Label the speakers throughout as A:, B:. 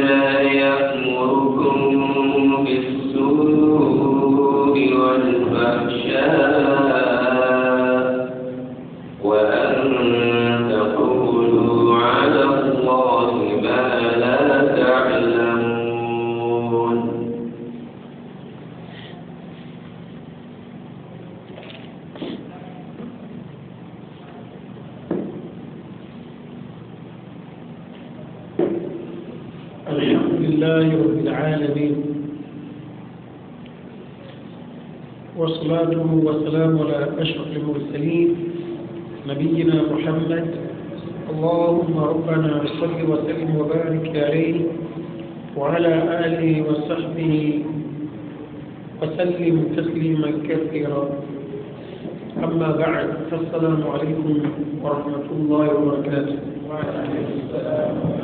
A: يأمركم بالسوء والفحشاء
B: والصلاة والسلام على أشرف المرسلين نبينا محمد اللهم ربنا صل وسلم وبارك عليه وعلى آله وصحبه وسلم تسليما كثيرا أما بعد فالسلام عليكم ورحمة الله وبركاته وعلى آله السلام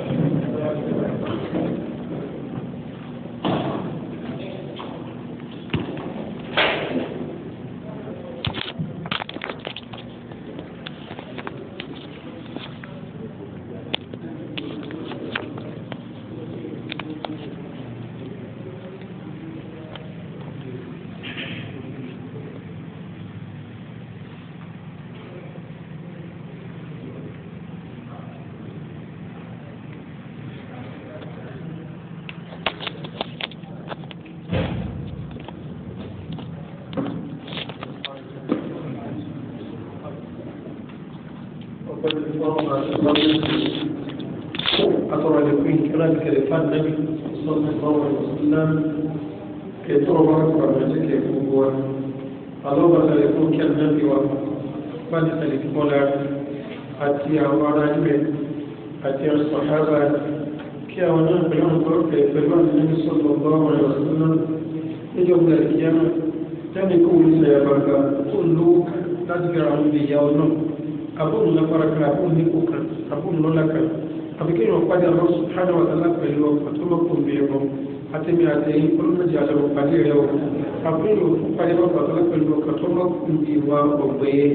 B: fáyọ́ bàbá pẹ̀lú ọkàn tó bá wa ọ̀gbẹ́yẹ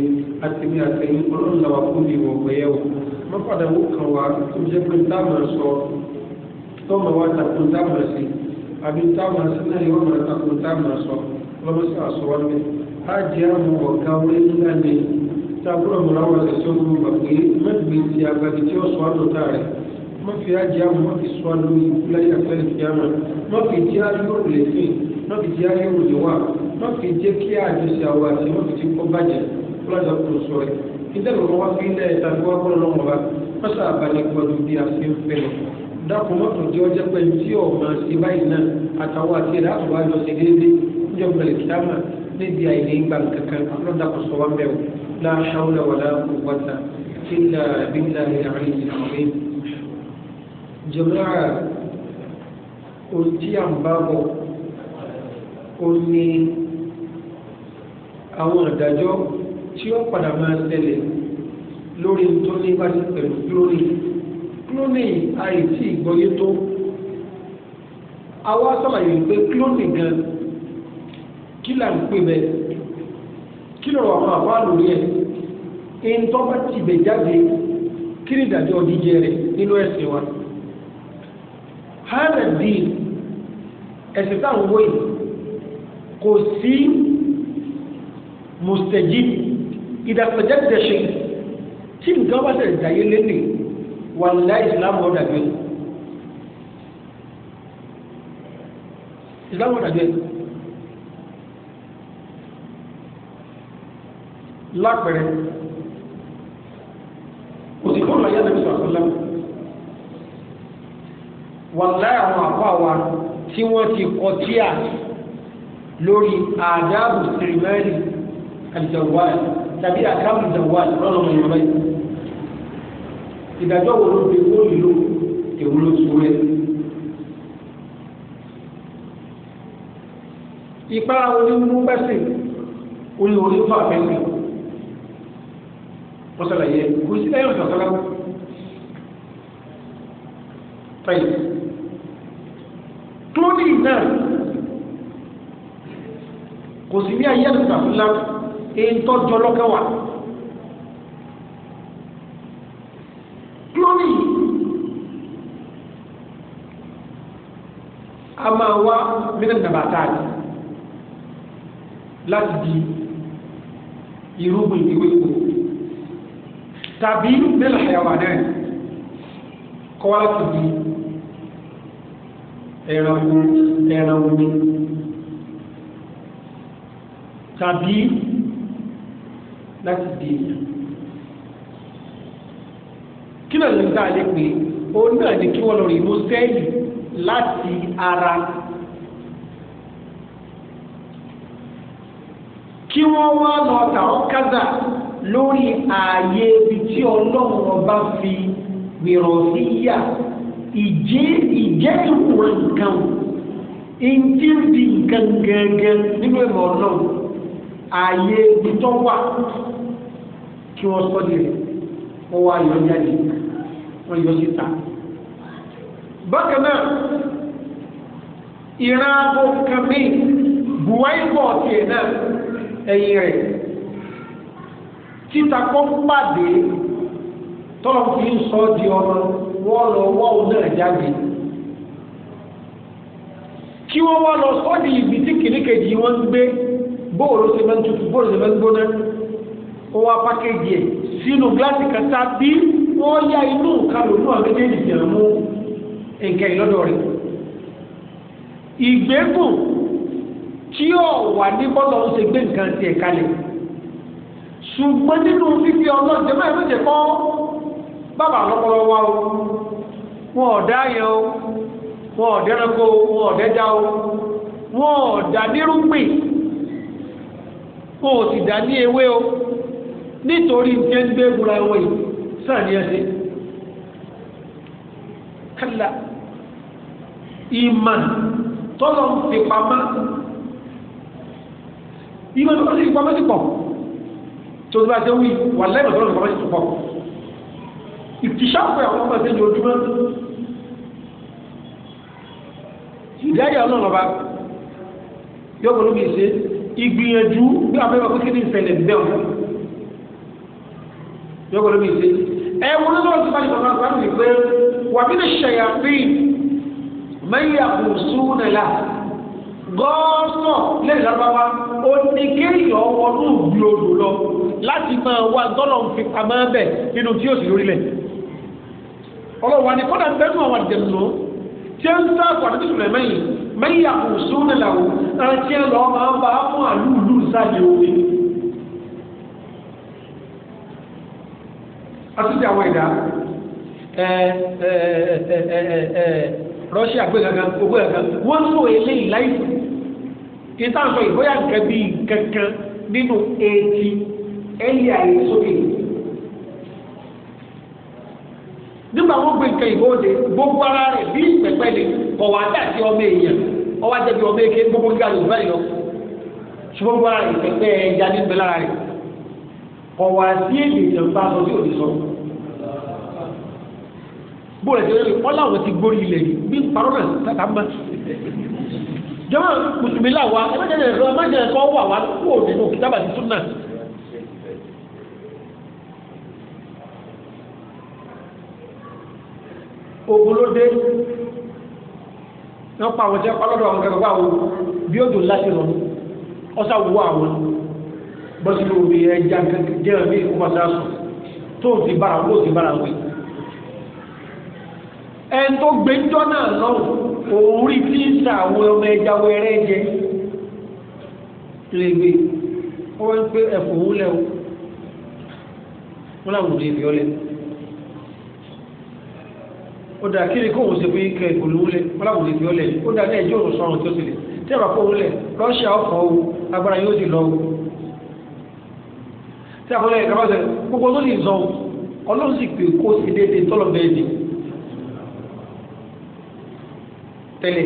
B: àti bí àtẹ̀yìn ọlọ́run wa ọ̀gbẹ́yẹ o má jẹ́ pé táwọn sọ tọ́mọ wa takò táwọn sí àbí táwọn sí náà yóò máa takò táwọn sọ lọ́mọsí àsọwọ́ mi á jẹ́ àwọn ọ̀gá orí ńlá ni tábúrò mọ́ra wọn lè tó gbogbo gbà pé mẹ́gbẹ̀ẹ́ ti àgbàdì tí ó sọ àdọ́ta rẹ̀ má fi á jẹ́ àwọn ìsọ lè fi náà fi jẹ́ ayé òye wa náà fi jẹ́ kí àjọṣe àwọn àti náà fi ti kọ́ bàjẹ́ lọ́jà kúrò sọ rẹ̀ ìdẹ́gbọ̀n wọn wá fi ilẹ̀ ìtàkì wá kọ́ lọ́wọ́ wa mọ́ṣá àbálẹ̀ gbọ́dọ̀ bí a ṣe ń fẹ́ lọ dákun mọ́tò jẹ́ ọjọ́ pé tí ò máa ṣe báyìí náà àtàwọn àti ẹ̀dá àtọ̀wá lọ sí déédéé níjọba ìkíyàmà níbi àìlè gbà kankan lọ́dàkọ̀ sọ wá bẹ́ẹ̀ la hawla wala quwwata illa billahi al-aliyyil azim jama'a ojú à ń bá bọ̀ ó ní àwọn àdájọ́ tí ó padà máa ṣẹlẹ̀ lórí tó ní bá ti pẹ̀lú klóní klóní àìsí ìgbọ́yé tó àwa sàlàyé pé klóní gan kí là ń pè bẹ́ẹ̀ kí lọ́rọ̀ àwọn àwa lórí ẹ̀ ẹni tó bá ti bẹ̀ jáde kí ni ìdájọ́ jíjẹ rẹ̀ nínú ẹ̀sìn wa hánà dín ẹ̀sìn táwọn wọ̀nyí kò sí mustajib ìdàpẹ̀jẹ̀dẹ̀ ṣe tí nǹkan bá ṣẹlẹ̀ jáyé lẹ́nìí wà láì Islam ọ̀dà bẹ́ẹ̀ ìsìlámù ọ̀dà bẹ́ẹ̀ lápẹ̀rẹ̀ òsìkò ọ̀nà yẹn lẹ́nu sọ̀rọ̀ lẹ́nu wà láì àwọn àpá wa tí wọ́n ti kọ tíà lórí àdáàbò sèrèmẹ́rì àdìjọ̀wáì tàbí àkáàbò ìjọ̀wáì lọ́nà ọmọ ìyàwó yìí ìdájọ́ wo ló fi kó ìlú èwo ló tu rẹ̀. ipa onímú pẹ́sìn orí orí fún àfẹ́sìn wọ́n sọ̀rọ̀ yẹ kò sí lẹ́yìn ọ̀sán sọ́lá tóní náà kò sí bí ayé ẹ̀sìn tàbí ńlá èyí tọ́jọ́ lọ́kẹ́ wà. kílónì a máa wá mílíọ̀nù nàbàtà láti di irúgbìn ìwéko tàbí nílò àyàwó náà kọ́ wá láti di ẹran omi ẹran omi tàbí láti di èèyàn kí náà ló ń tà lé pé òun náà ni kí wọ́n lọ rí mú sẹ́ẹ̀lì láti ara kí wọ́n wá lọ tà ọ́ kádà lórí ààyè ibi tí ọlọ́run ọba fi wìrọ̀síyà ìjẹ́ ìjẹ́ ìwọ̀n nǹkan ìjẹ́ di nǹkan gẹ́gẹ́ nínú ìmọ̀ ọlọ́run ààyè ibi tó wà kí wọ́n sọ di rẹ̀ wọ́n wá yọ jáde wọ́n yọ síta. bákan náà ìran abo kan míì buwáyé pọ̀ tiẹ̀ náà ẹ̀yìn rẹ̀ títa kọ́ pàdé tọ́lọ̀ fi ń sọ di ọmọ wọ́n lọ wọ́ọ̀ náà jáde kí wọ́n wá lọ sọ́ọ̀dì ibi tí kìnnìkejì wọ́n ń gbé bóòlù ṣe máa ń tutù bóòlù ṣe máa ń gbóná ó wá pákéjì ẹ̀ sínú gíláàsì kàtà bí wọ́n yá inú kalò ní àwọn méjèèjì jẹ̀rọ mú nǹkan ìlọ́dọ̀ rẹ̀ ìgbégun tí ó wà ní bọ́lọ̀ ń ṣe gbé nǹkan tiẹ̀ kalẹ̀ ṣùgbọ́n nínú fífi ọlọ́jẹ́ máa ń jẹ́ kọ́ bàbá lọ́pọlọ wa o wọn ò dá yẹn o wọn ò dẹ́ranko wọn ò dẹ́já o wọn ò dá nírúgbìn kó o sì dá ní ewé o nítorí jẹ́ ń gbé gbura wọn yìí sáà ní ẹsẹ̀ kálá ìmà tọ́lọ̀ ń fi pamá ìmà tọ́lọ̀ ń fi pamá sí pọ̀ tó bá ṣe wí wà lẹ́yìn tọ́lọ̀ ń fi pamá sí pọ̀ ìtìṣàpẹ̀ àwọn ọmọ ìṣẹ́jú ojúmọ́ ìdáyà ọlọ́run ọba yóò gbọ́dọ̀ bí ṣe ìgbìyànjú bí wọn fẹ́ẹ́ bá kékeré ìṣẹ̀lẹ̀ bẹ́ẹ̀ o yọkọ ló bí ṣe ẹ wọn ló lọ sí bá nípa náà sáré pé wà mí lè ṣẹyà pé mẹyà kò sún nílà gọ́ọ̀sọ̀ lẹ́yìn lárúbáwá ó ní kéèyàn wọnú gbòòdò lọ láti máa wá tọ́lọ̀ ń fi pamọ́ nínú tí yóò sì lórílẹ̀ ọlọ́wà ni kọ́dà bẹ́ẹ̀ nù àwọn àjẹ̀nù tí ó ń sá àpò àdéjù rẹ̀ mẹ́yìn mẹ́yà kò sóhùn làwọ̀ àti ẹ̀ lọ́ọ́ máa ń bá fún àlúùlù sáàlì omi. asúnjẹ àwọn ẹ̀dá Russia gbé gangan owó ẹ̀ka wọ́n ń lo eléyìí láìsí ìtàǹsọ ìgbóyà nǹkan bíi kankan nínú eighty early ayé sókè nígbà wọn gbé nǹkan ìbò de gbogbo ara rẹ̀ bí ìpẹ́pẹ́ lè ọ̀wà àti ọmọ èèyàn ọwọ́ àti ọmọ èké gbogbo gíga ló fẹ́ lọ ṣùgbọ́n gbogbo ara rẹ̀ pẹ̀pẹ́ ẹja ní ìpẹ́ lára rẹ̀ ọ̀wà àti èdè ìjọba sọ sí òde sọ. bóòlù ẹ̀sẹ̀ lórí ọláwọ̀ ti gbórí ilẹ̀ yìí bí parọ́ náà tàbá mọ́. jọ́mọ̀ mùsùlùmí là wá ẹ̀mẹ́jẹ̀ kọ́ wà wá kó nínú kìtàbà ti súnà. ogun ló dé wọ́n pa àwọn jẹ́ ọlọ́dọ̀ àwọn gẹ́gẹ́ báwo bí ó dùn láti rọrùn ọ̀sà wọ àwọn bọ́sí ló rí ẹja jẹ́rẹ̀ ní ìkọ́sá sùn tó ti bára wọ́n ti bára wí. ẹni tó gbé jọ́ náà lọ́wọ́ òun rí tí ń sa àwọn ọmọ ẹja wẹrẹ jẹ lè wọ́n pé ẹ̀fọ́ òun lẹ́wọ́ wọ́n làwọn ò lè fi ọ lẹ́wọ́ ó dà kí ni kó òun ṣe fi kẹ ìkòlù ń lẹ ọlọ́run lè fi ọ lẹ ó dà ní ẹjọ́ òun sọ̀rọ̀ tó ti lè tí a bá kó òun lẹ rọ́ṣíà ọkọ̀ o agbára yóò ti lọ o tí a kọ́ lẹ́yìn kábàá sẹ gbogbo tó ti zọ ọlọ́run sì pè kó sí déédéé tọ́lọ̀ bẹ́ẹ̀ ni tẹ́lẹ̀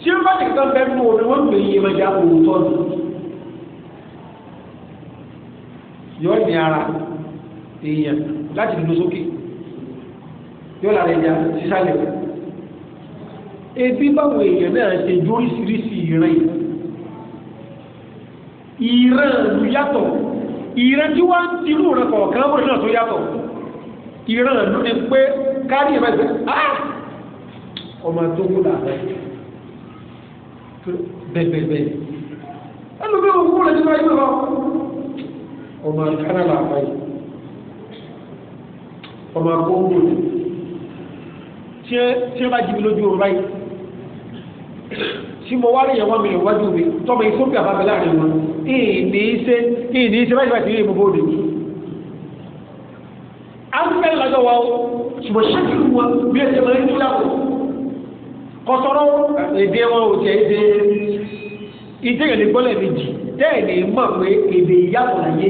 B: tí ó bá ti kàn bẹ́ẹ̀ mú omi wọ́n gbé iye mẹ́ta òótọ́ ni yọ̀ọ́ ní ara èèyàn láti dúró sókè yóò lára ẹja sísàlẹ̀ ebi báwo èèyàn náà ṣe ju oríṣiríṣi ìran yìí ìran ìlú yàtọ̀ ìran tí wọ́n ti rú ìran kọ̀ọ̀kan mọ̀ náà tó yàtọ̀ ìran ìlú ni pé kárí ìran ìgbẹ́ ah! ọmọ tó kú làárẹ̀ bẹ́ẹ̀bẹ́ẹ̀bẹ́ ẹnu bí òkú rẹ̀ nínú ayé lọ ọmọ àkàrà làárẹ̀ ọmọ àkókò rẹ̀ tí ó bá jí mi lójú oorun báyìí tí mo wá lè yẹn wọ́n mi lè wájú mi tọ́mọ ethiopia bá mi láàrin wọn ìní ṣe ìní ṣe báyìí báyìí ìbò bóde mi. áfíríkà ní lọ́jọ́ wa o ṣùgbọ́n ṣẹ́kìlì wọn bí ẹsẹ̀ máa ń dúró yàtọ̀ kọ́sọ́rọ́ èdè wọn ò jẹ́ èdè ìdíyẹ̀lẹ̀ gbọ́lẹ̀ méjì bẹ́ẹ̀ ni mọ̀ pé èdè ìyàtọ̀ láyé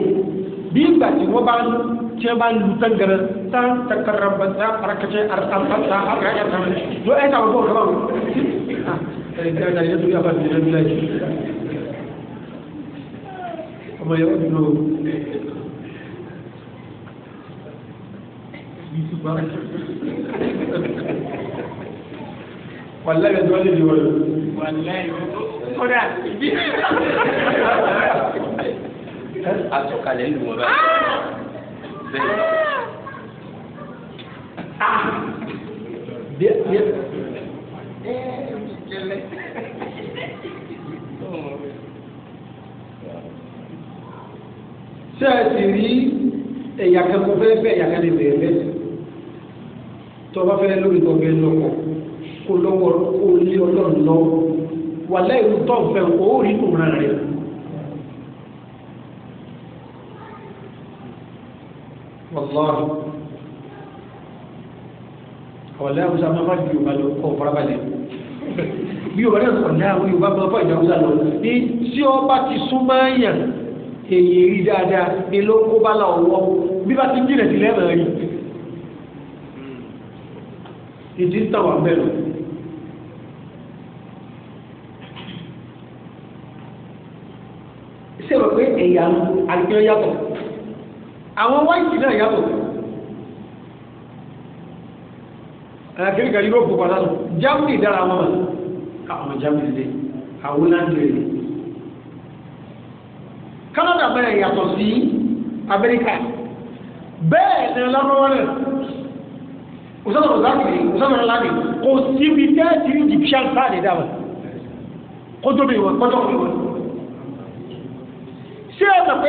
B: bí ìgbà tí wọ́n bá ń tí wọ́n bá lu tangara tán takara bàtà arakẹtẹ arakẹtẹ arakẹtẹ lọ ẹ ta bọ kaba o ẹ ẹ ẹ yẹ tó yà bá tẹlẹ bí láyé ọmọ yẹ kó dúró wàlẹ́ yẹn tó wà lẹ́yìn wọlé. wàlẹ́ yẹn kódà ibi. àtọkalẹ̀ lù wọ́n báyìí sẹ́yìn. díẹ̀ díẹ̀ ẹ mi jẹlẹ. ṣé ẹ sì rí ẹ̀yà kan kó fẹ́ fẹ́ ẹ̀yà kan lè bẹ̀rẹ̀ bẹ́ẹ̀ tó bá fẹ́ lórí tó bẹ́ẹ̀ lọ́kọ̀ kó lọ́wọ́ kó lé ọlọ́run lọ́wọ́ wàlẹ́ ìlú tó ń fẹ́ òórì kùnrin rẹ̀. wàlọ́ọ̀rù ọ̀lẹ́ àwùjọ máa ń yóò bá lọ kọ́ farabalẹ̀ bí o bá dẹ̀ ọ̀lẹ́ àwọn yóò bá bọ́ fọ́ ìdáwùjọ lọ ní tí ó bá ti súnmọ́ yàn èyí rí dáadáa ni ló kó bá la ọwọ́ bí bá ti jìnà sílẹ̀ náà rí ìdí ń tàwọn mẹ́rin. ṣé o pé ẹ̀yà àgbẹ̀ yàtọ̀? àwọn wáìtì náà yàtọ̀ àkíríkà yúróòpù pàtàkì germany dára wọn àwọn germany lè àwọn landry lè canada bẹ̀rẹ̀ yàtọ̀ sí amẹ́ríkà bẹ́ẹ̀ ni lọ́wọ́ rẹ̀ òsánà òsánà òsánà láti kò síbi tẹ́ẹ̀tì egyptian sáàdì dáwà kó tóbi wọn kó tóbi wọn ṣé ẹ mọ̀ pé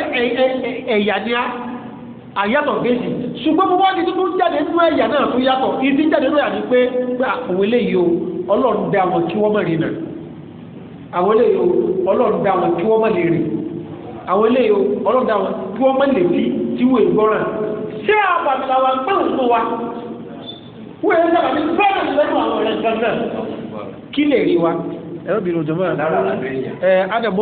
B: ẹ̀yà ni a àyàtọ̀ méjì ṣùgbọ́n fún wọ́n ti tó jáde nínú ẹ̀yà náà tó yàtọ̀ ìdí jáde nínú ẹ̀yà ni pé àwọn eléyìí o ọlọ́run dá wọn kí wọ́n má rìn náà àwọn eléyìí o ọlọ́run dá wọn kí wọ́n má lè rìn àwọn eléyìí o ọlọ́run dá wọn kí wọ́n má lè fi tí wọ́n ìgbọ́ràn ṣé àbàmì làwọn gbọ́dọ̀ fún wa wọ́n yẹn sábà ní bẹ́ẹ̀ lẹ́nu àwọn ọ̀rẹ́ kan náà kí lè rí wa ẹ̀rọ bìrì òjò mọ́ra ẹ̀ adamu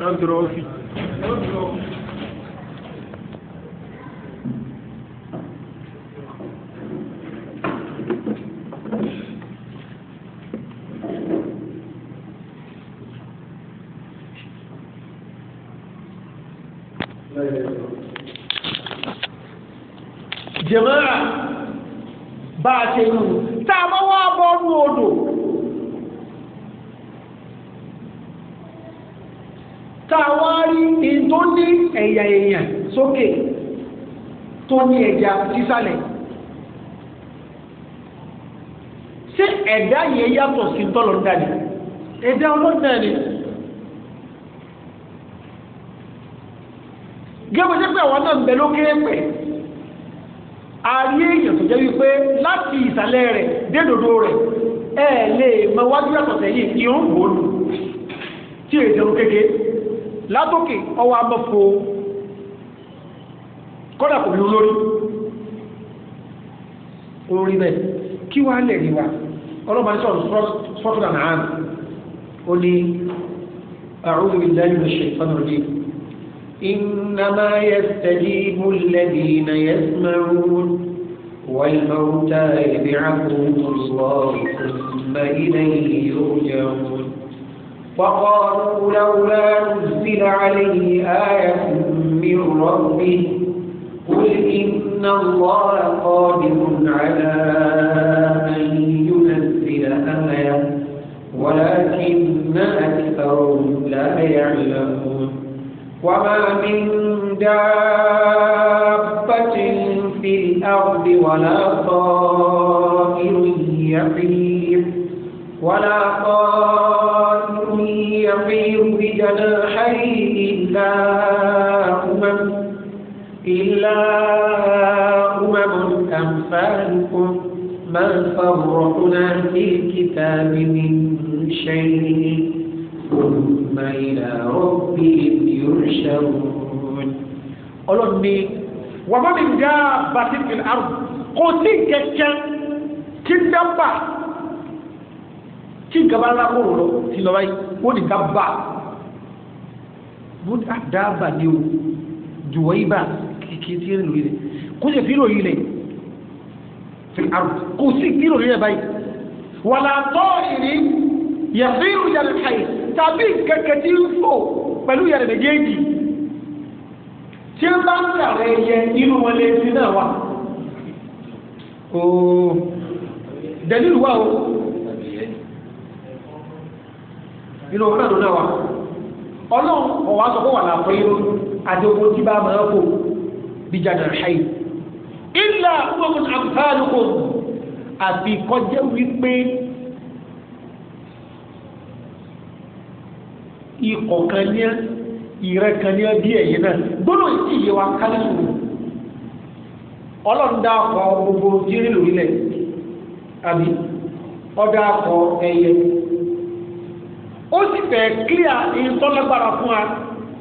B: Androfi. Androfi. jẹ̀mọ́ra bá a ṣe nù tá a bá wá bọ́ọ̀nù odò tá a wá rí in tó ní ẹ̀yà èèyàn sókè tó ní ẹ̀yà sísàlẹ̀ ṣé ẹ̀dá yẹn yàtọ̀ sí tọ́lọ́dá ni ẹ̀dá ọlọ́dá ni. gẹ́gẹ́ bí àwọn náà ń bẹ lókè pẹ̀ àrí èèyàn tó jẹ́ wípé láti ìsàlẹ̀ rẹ̀ dédòdó rẹ̀ ẹ̀ lè mọ wájú yàtọ̀ sẹ́yìn irun gbòòlù tí èyí tẹ̀rù kéke látòkè ọwọ́ abọ́fo kọ́dà kò ní olórí olórí bẹ́ẹ̀ kí wàá lè rí wa ọlọ́mọdé sọ̀rọ̀ sọ́tún àná àná ó ní أعوذ بالله من الشيطان الرجيم إنما يستجيب الذين يسمعون والموتى يبعثهم الله ثم إليه
C: يرجعون وقالوا لولا نزل عليه آية من ربه قل إن الله قادر على أن ينزل آية
B: ولكن أكثرهم لا يعلمون
C: وما من
B: دابة في الأرض
C: ولا طائر يطير ولا طائر يطير بجناحيه إلا أمم إلا أمم أمثالكم ما فرقنا في الكتاب من
B: شيء ثم إلى ربهم يحشرون ọlọ́run ní wàá bá mi dá bàtìkì àrùn kò sí kẹ̀kẹ́ kí n dábà kí n gaba ńlá kúrò lọ sí lọ́wọ́ yìí wọ́n ní dábà wọ́n ah, dábà ni o jùwọ́ yìí bá kìkì tí ń lò yìí kó sì fi ròyìn lẹ̀ fi àrùn kò sí kí ròyìn lẹ̀ báyìí wàlá tọ́ ìrìn yẹ̀fíìrù yẹ̀rẹ̀ kàì tàbí kẹ̀kẹ́ tí ń fò pẹ̀lú yẹ̀rẹ̀ méjèèjì tí ó bá ń sàrẹ̀ ẹyẹ inú wọn lé sí náà wà. ooo dẹ̀lílù wà o inú wọn náà wà ọlọ́run ọ̀wá sọ fún wà láàpọ̀ yìí àti ogun tí bá máa kó bíjà dẹ̀rẹ̀ kàì ilà wọ́n mú àbúkálùkù àfi kọjá wípé. ikọ̀ kan ní ìrẹ́ kan ní bí ẹ̀yìn náà gbọ́dọ̀ sí iye wa ká lẹ́sùn ọlọ́run dá ọkọ̀ gbogbo jírí lórílẹ̀ àbí ọdá ọkọ̀ ẹ̀yẹ ó sì fẹ́ kílíà ìtọ́lágbára fún wa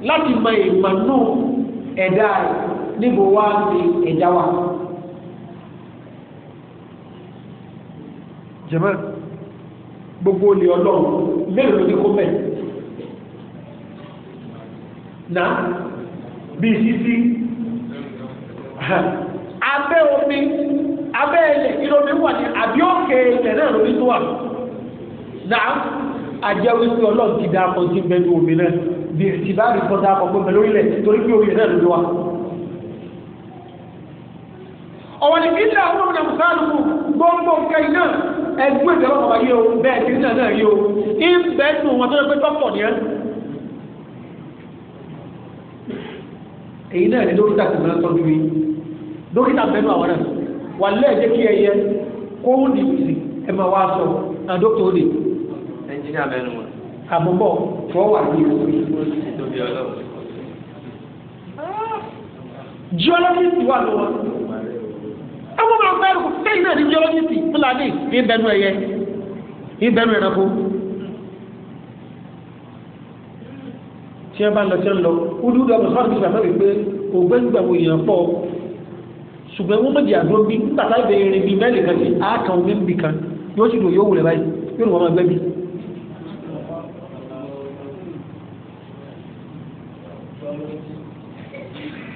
B: láti mọ ìmọ̀ náà ẹ̀dá rẹ̀ níbo wá ní ẹ̀dá wa. jẹ́mọ́ gbogbo olè ọlọ́run mélòó ló ní kó bẹ́ẹ̀ na bí sísí abẹ́ omi abẹ́ ilẹ̀ kí lómi wà ní àbí òkè ilẹ̀ náà lómi tó wà na ajẹ́ wípé ọlọ́run ti dá akọ sí bẹ́ẹ̀ omi náà bí ti bá rí kọ́ta akọ pé pẹ̀lú ilẹ̀ torí pé omi náà lómi wà. ọ̀wọ́n ní kíndà àwọn ọmọdé mùsàlùkù gbọ́ngbọ́n kẹ́yìn náà ẹgbẹ́ ìjọba ọmọ yìí o bẹ́ẹ̀ kíndà náà yìí o ń bẹ́ẹ̀ nù wọn tó yẹ pé tọ́pọ̀ nìyẹn. èyí náà ní dókítà tó máa ń tọ́jú yín dókítà bẹ́nu àwọn náà wà kí ẹyẹ kó ń di ìsìn ẹ máa wá sọ na dókítà ó dè. ẹnjìnìà bẹ́nu wọn. àbúbọ̀ fọ́ wà ní ìlú. geologist wà lọ́wọ́ ọmọ fẹ́ náà geologist fúlàní tí wọ́n bá lọ tí wọ́n lọ wúdúwúdú ọmọ sọ́ọ́nù bíi bàbá wípé ògbẹ́ngbà wo èèyàn pọ̀ ṣùgbọ́n wọ́n mọ̀jì àdúró bí bàbá ìbẹ̀ irin bíi mẹ́lì kan sí àákan omi ń bì kan yóò sì dùn yóò wù rẹ̀ báyìí yóò wọ́n máa gbẹ́ bí.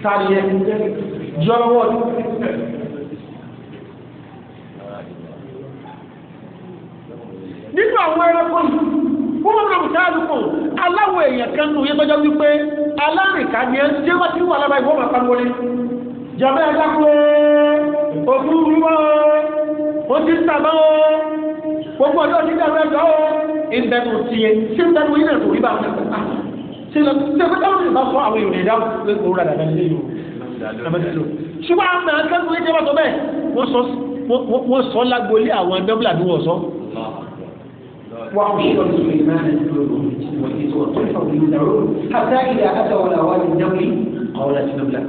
B: tààlì yẹn nínú àwọn ẹranko yìí bóòlù sáàlùkù aláwọ̀ èèyàn kan nù yẹn tọ́jọ́ wípé alárìnká ni ẹ ṣé wọ́n ti wà lára ìwọ́n máa pariwo ni. jàmbá ẹja pé òkú wíwá
A: o ó ti sàbá o
B: gbogbo ọjọ́ ti dàrú ẹjọ́ o ìbẹ̀rù tiẹ̀ ṣé bẹ̀rù yín náà tó rí bá wọn ah, ṣe lọ sí ẹgbẹ́ táwọn ìbá fọ àwọn èrò ìdáhùn ṣùgbọ́n àwọn akẹ́kọ̀ọ́ وحشر سليمان جنوده والإنس والطير ويدعون حتى إذا أتوا على وادي النمل قالت نملة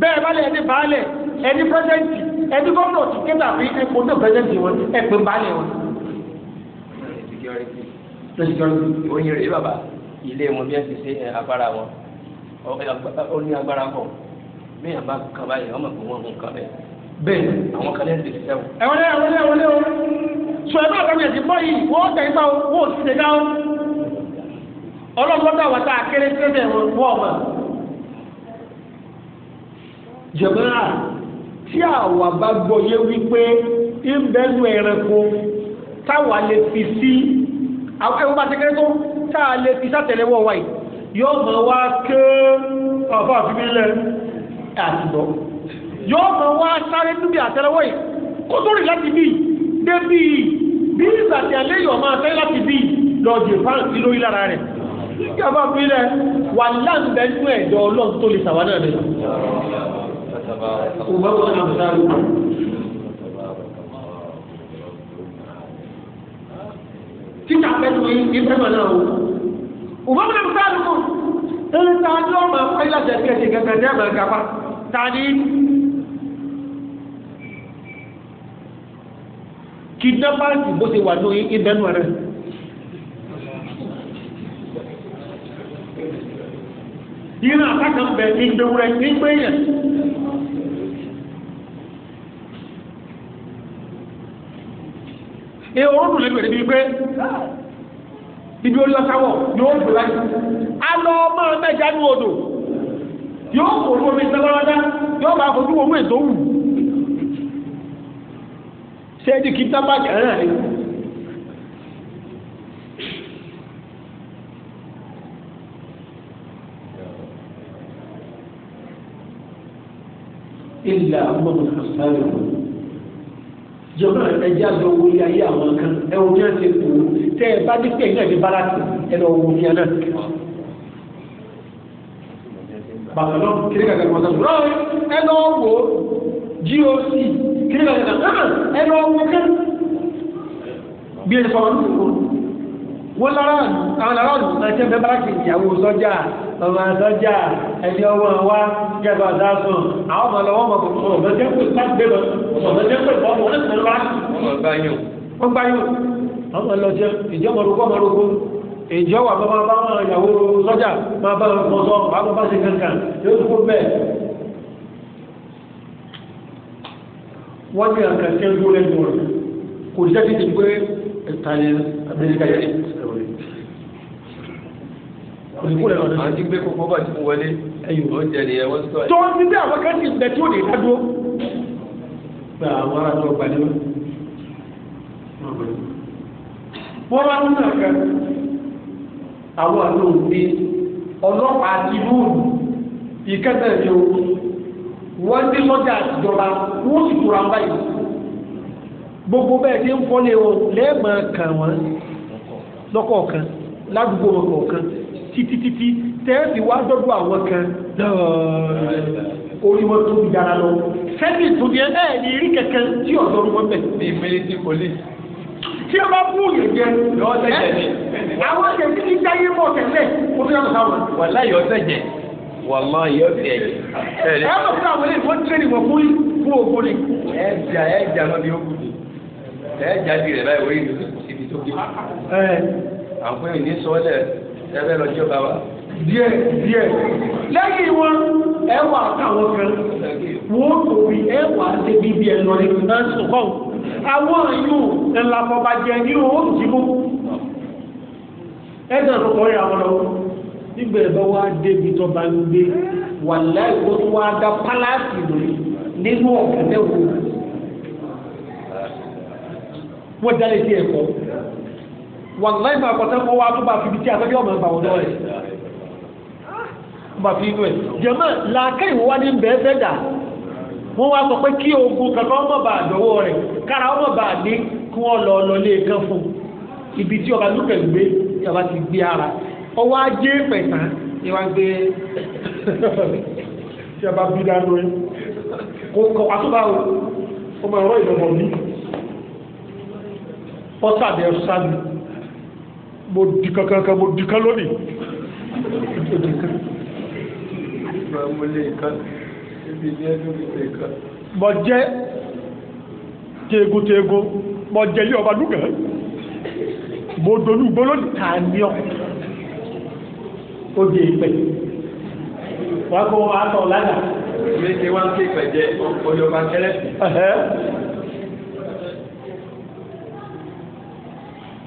B: bẹ́ẹ̀ bá lẹ ẹni baálẹ̀ ẹni pẹ́sẹ́ǹtì ẹni gómìnà tí kébà fi epo náà pẹ́sẹ́ǹtì wọn ẹgbẹ́ baálẹ̀ wọn. oyin rèé bàbá ilé wọn bí ẹ ti ṣe agbára wọn ó ní agbára pọ̀ bí yàn bá kaba yìí ọmọ ìgbìmọ̀ nǹkan bẹ́ẹ̀. bẹ́ẹ̀ àwọn kan lẹ́nu ti ṣiṣẹ́ wọn. ẹ̀wọ̀n lẹ́wọ̀n lẹ́wọ̀n lẹ́wọ̀n sọ ẹ bá àtàwọn ẹ̀sìn bọ́ yìí wọ́n tẹ̀ ẹ́ sáwọn wọ́n ò sì dá o ọlọ́gbọ́dọ̀ wà tá a kéré kéré wọn wọ́n ọ̀mà jẹ̀mọ́ra tí àwa bá gbọ́ yé wípé ìbẹ́nu ẹranko táwa lè fi sí ẹwọ́n bá tẹ́kẹ́rẹ́ tó tá a lè fi sátẹ̀lẹ́wọ̀ wáyé yóò mọ̀ wá ké ọ̀fọ́ àfimílẹ̀ àtìgbọ́ yóò mọ̀ wá sáré níbi àtẹ́lẹwọ́ yìí kó tó rìn láti bíi débi bí ìgbàtí àléyìn ọmọ afẹ́ láti bí lọ japan sí lórí lára rẹ̀ ìjọba ìpínlẹ̀ wà láǹbẹ̀ nú ẹ̀dọ̀ ọlọ́run tó lè sàwádà rẹ̀.
A: títà pẹ̀lú ìbẹ́mọ̀ náà o.
B: Òbámu náà sáà lùkù. Ẹ̀rọ ta ni ọmọ afẹ́ láti ẹ̀kẹ́ ṣe gẹ́gẹ́ ní àmà gàpá. Ta ni kidnappers bó ṣe wà ní ìbẹ́nu rẹ̀. ìran àtàkàn bẹ̀ ní ìdòwúrẹ́ ní gbẹ̀yàn. èèwọ̀n dùn lẹ́gbẹ̀ẹ́ bíi pé ibi orí ọ̀sáwọ̀ yóò gbé láyé. a lọ máa mẹ́ja ní odò yóò kó omi ìsẹ́lọ́lọ́dá yóò bá fojú owó ètò ṣéèdì kìtàbà kẹrìnà ni. ilà ọmọdé kàṣáyé o jọba ẹja lọ wo ilé ayé àwọn kan ẹwọn ní àti kù tẹ ẹ bá dípẹ ní ẹbí bára tì ẹ lọ wo ní ẹnà. bàbá náà kiri kàkà kọ́ńtà lọ́wọ́ ẹ lọ́wọ́ wo goc kiri bàtà kan ẹnu ọkùn kan bí ẹni fọwọ́n ti kú wọ́n lára àwọn ará ọ̀dùn náà tẹ́ bẹ́bára kì ìyàwó sọ́jà ọmọ sọ́jà ẹni ọwọ́ wa jẹba dáàsùn àwọn ọmọ lọ́wọ́ ọmọ kòkòrò ọmọ jẹ́ pé pàṣẹ lọ ọmọ jẹ́ pé bọ́ ọmọ lẹ́sìn lọ́wọ́ ọmọ gbáyùn ọmọ gbáyùn ọmọ lọ́jọ́ ìjọba orúkọ ọmọ orúkọ ìjọba bàbá bá wọn ìyàwó sọ́jà bàbá wọn sọ bàbá bá ṣe kankan yóò tó bẹ́ẹ̀ wọ́n ní àǹkà tí ń dúró lẹ́nu rẹ̀ kò jẹ́ kí ti pé ìtàlẹ̀ amẹ́ríkà yẹn òsìkú rẹ̀ lọ́dún. àti gbé kókó bá ti mú wọlé ẹ̀yìn ló jẹ nìyẹn wọ́n sọ. tó ń bí àwọn kan ti bẹ̀ tí ò lè dá dúró. gba àwọn ará tó gbalẹ̀ wọn. wọ́n wá ń nà kan àwọn àlọ́ òbí ọlọ́pàá ti bóòlù ìkẹtẹ̀ ni o wọ́n dé sọ́jà àtijọba wọ́n sì kúra ń báyìí gbogbo bẹ́ẹ̀ tí ń fọ́lé o lẹ́ẹ̀mọ̀ kàn wọ́n lọ́kọ̀ọ̀kan ládùúgbò wọn kọ̀ọ̀kan títí títí tẹ́ẹ̀sì wá dọ́dọ̀ àwọn kan orí wọn tóbi dára lọ sẹ́ẹ̀sì tóbi ẹ̀ ẹ̀ ní rí kẹ̀kẹ́ tí ọ̀dọ́ wọn bẹ̀. ní ìmẹ́lẹ́ tí kò lè tí a bá fún yẹ̀yẹ́ lọ́sẹ̀ jẹ̀ ní. àwọn ẹ̀jẹ̀ tí kí dáyé bọ̀ wàlá yóò fi ẹ̀jẹ̀. ẹ bá fún àwọn eléyìí wọ́n tẹ́lẹ̀ wọ́n fún fún òkú ni. ẹ jà ẹ jà lọ́bi ó kù ní. ẹ jà di rẹ̀ báyìí wọ́n yìí lọ sí ibi tó kí. àwọn èèyàn ní sọ́ọ́lẹ̀ ẹ bẹ́ẹ̀ lọ jọba wa. díẹ̀ díẹ̀ lẹ́yìn wọn ẹ wà káwọn kan wọ́n kò rí ẹ wà débi bí ẹ lọ nínú náà àwọn yóò ńlá fọba ní òun jìbò ẹ dàn nígbà ẹ̀ bá wá débi tó bá ń gbé wàlẹ́ ìkó tó wá dá pálásì lórí nínú ọ̀kẹ́lẹ́ wo wọ́n dálé sí ẹ̀kọ́ wàlẹ́ ìmọ̀ àkọ́tẹ́ kọ́ wá tó bá fi ibi tí àtọ́jú ọmọ ẹ̀bà wọ́n lọ́wọ́ ẹ̀ bá fi inú ẹ̀ jẹ̀mọ́ làákẹ́ ìwọ wá ní bẹ́ẹ̀ fẹ́ dà wọ́n wá sọ pé kí ogun kankan ọmọ bá àdọ́wọ́ rẹ̀ kára ọmọ bá ní kí wọ́n lọ lọ lé e kan fún ibi tí ọba lúkẹ̀ gbé ọba ti gbé ara ọwọ́ ajé pẹ̀sán ni wọ́n gbé tí a bá bí dáná rẹ̀ kò àtúbà ọmọ ẹ̀rọ ìdọ̀bọ̀ mi pọ́sàdé ọ̀sán mo di kankan kan mo di kan lónìí mo jẹ́ tegoteego mo jẹ́ ilé ọba mo dolú gbólónìí ta ní ọkùnrin ó di ìpè wà kó wọn máa tọ̀ lánàá. mi ti wá ń ké pẹ̀jẹ́ olùkọ́ kẹlẹ́.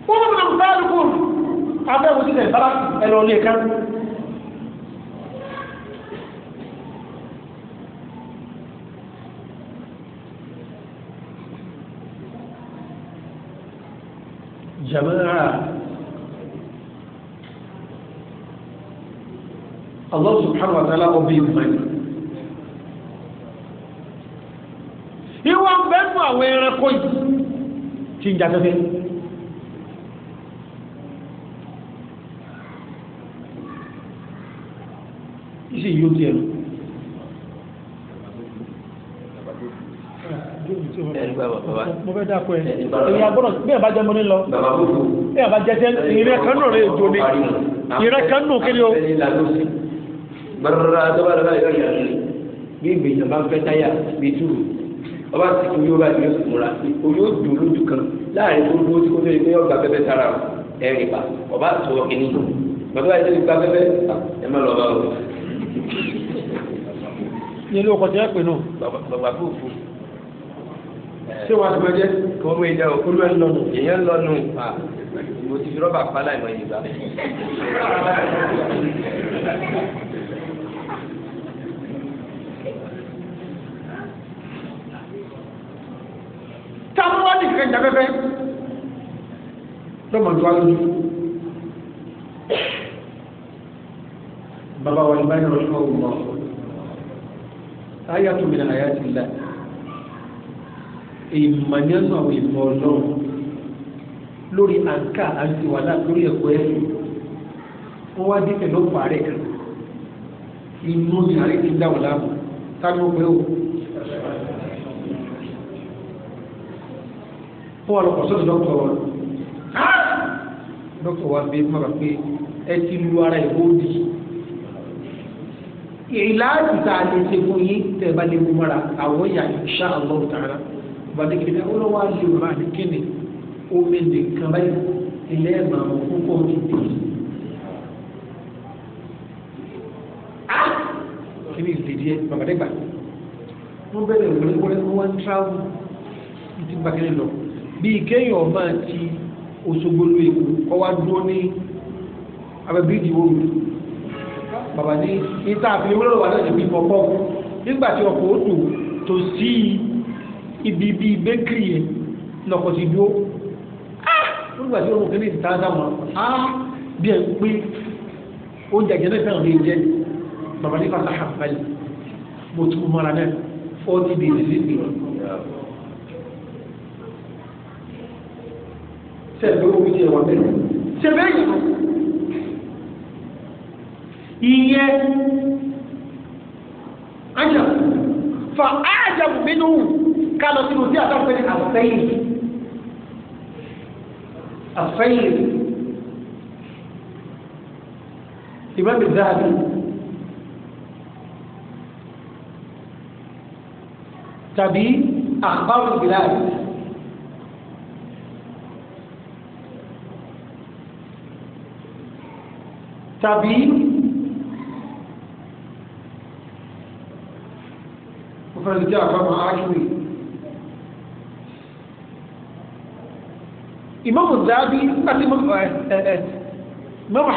B: wọ́n mú un bá lùkù abẹ́wò sílẹ̀ bára ẹ̀rọ lè kán. jama'a Allah subhanahu wa ta'ala ọbẹ̀ yìí mọ̀ ní. ìwọ bẹ́ẹ̀nu àwọn ẹranko yìí ti ń jàdọ́dẹ́. ìṣe yìí ó tiẹ̀ lọ. mo fẹ́ dà kọ ẹ èyí agbọ́dọ̀ bí ẹ bá jẹ́ mọ́ni lọ bí ẹ bá jẹ́ jẹ́ ìrẹ́kánú rẹ̀ jò ní ìrẹ́kánú kiri o gbàrọ̀rọ̀ àdọ́bàrọ̀ báyìí lọ́yìn àná bí ìgbèyàn bá ń fẹ́ táyà bí tù ọba ti kí oyún báyìí yóò múra oyún ó dùn lójú kan láàrin tó dúró tí kò tó yẹ pé ọgbà pẹpẹ sára ẹrì pa ọba tó wọ kínní bàbá yìí tó gba pẹpẹ ẹ má lọ bá wọn. ní ilé ọkọ̀ tí wọ́n pè nù. bàbá fòfò
A: ṣé wàá tó jẹ́ kó wọ́n ìjà òkúlù ẹ̀ lọ́nu èèyàn
B: mo ti fi rọ́bà pa láì mọ ìyìnbá. lọ́mọ tó wá lójú bàbá wa ìbá ìrọ̀ ṣọ́ ọ̀gbọ̀n ayé àtúnbí náà ayé àti ilá ìmọ̀ nínú àwọn ìmọ̀ ọlọ́run lórí àǹkà àti wàhálà lórí ẹ̀kọ́ ẹ̀sìn wọ́n wá dé pẹ̀lú pàrẹ̀ kan inú ni àárẹ̀ ti dáwọ̀ láàmú tájú pé ó wọ́n lọ dọ́kítọ̀ wọn dókítà wa bẹ fún wa pé ẹ ti lu ara ẹ̀ bóòdì ìlàjì tá a lè ṣe fún yín tẹ̀ bá lè mú mọ́ra àwọn ìyá insha Allah ta'ala bàdékè ní ọlọ́ wa lè wà ní kíni omi nìkan báyìí ilé ẹ̀ máa mọ̀ fún kọ́ọ̀tù tèmi. Ah! kíni ìdíje bàbàdégbà wọn bẹ̀rẹ̀ wọlé wọlé wọn wá ń tíráwù ní ti gbàgede lọ bí kéèyàn máa ti. Òṣogbo lu èkó kọ́ wá dúró ní abẹ́bíríjì wo mi bàbá ní ìta àfi wúlọ́lọ́ wà lọ́sẹ̀ bíi pọ̀pọ́ nígbà tí ọkọ̀ òtò tó sí ibi bíi bẹ́kìrì yẹn lọ́kọ̀ ti dúró ah! nígbà tí ọkọ̀ kìíní ìta sáwọn á ah! bí ẹ pé oúnjẹ àjẹsẹ́ fẹ́ràn lè jẹ bàbá ní fàtàhà báyìí mo tún mọ́ra náà ó ti bèèrè lé sẹ́ẹ̀dì omi jẹ́ wọn bẹ́ẹ̀ ṣe bẹ́ẹ̀ ìyẹn ajá fa ajá bínú kálọ̀ sínú tí a bá àfẹ́yìn àfẹ́yìn ìbámi záàbí. tàbí àkpàrù bìláàdì tàbí mo fẹ́ lè jẹ́ àbámọ̀ ákìrì ìmọ̀mù zábí láti mọ̀mù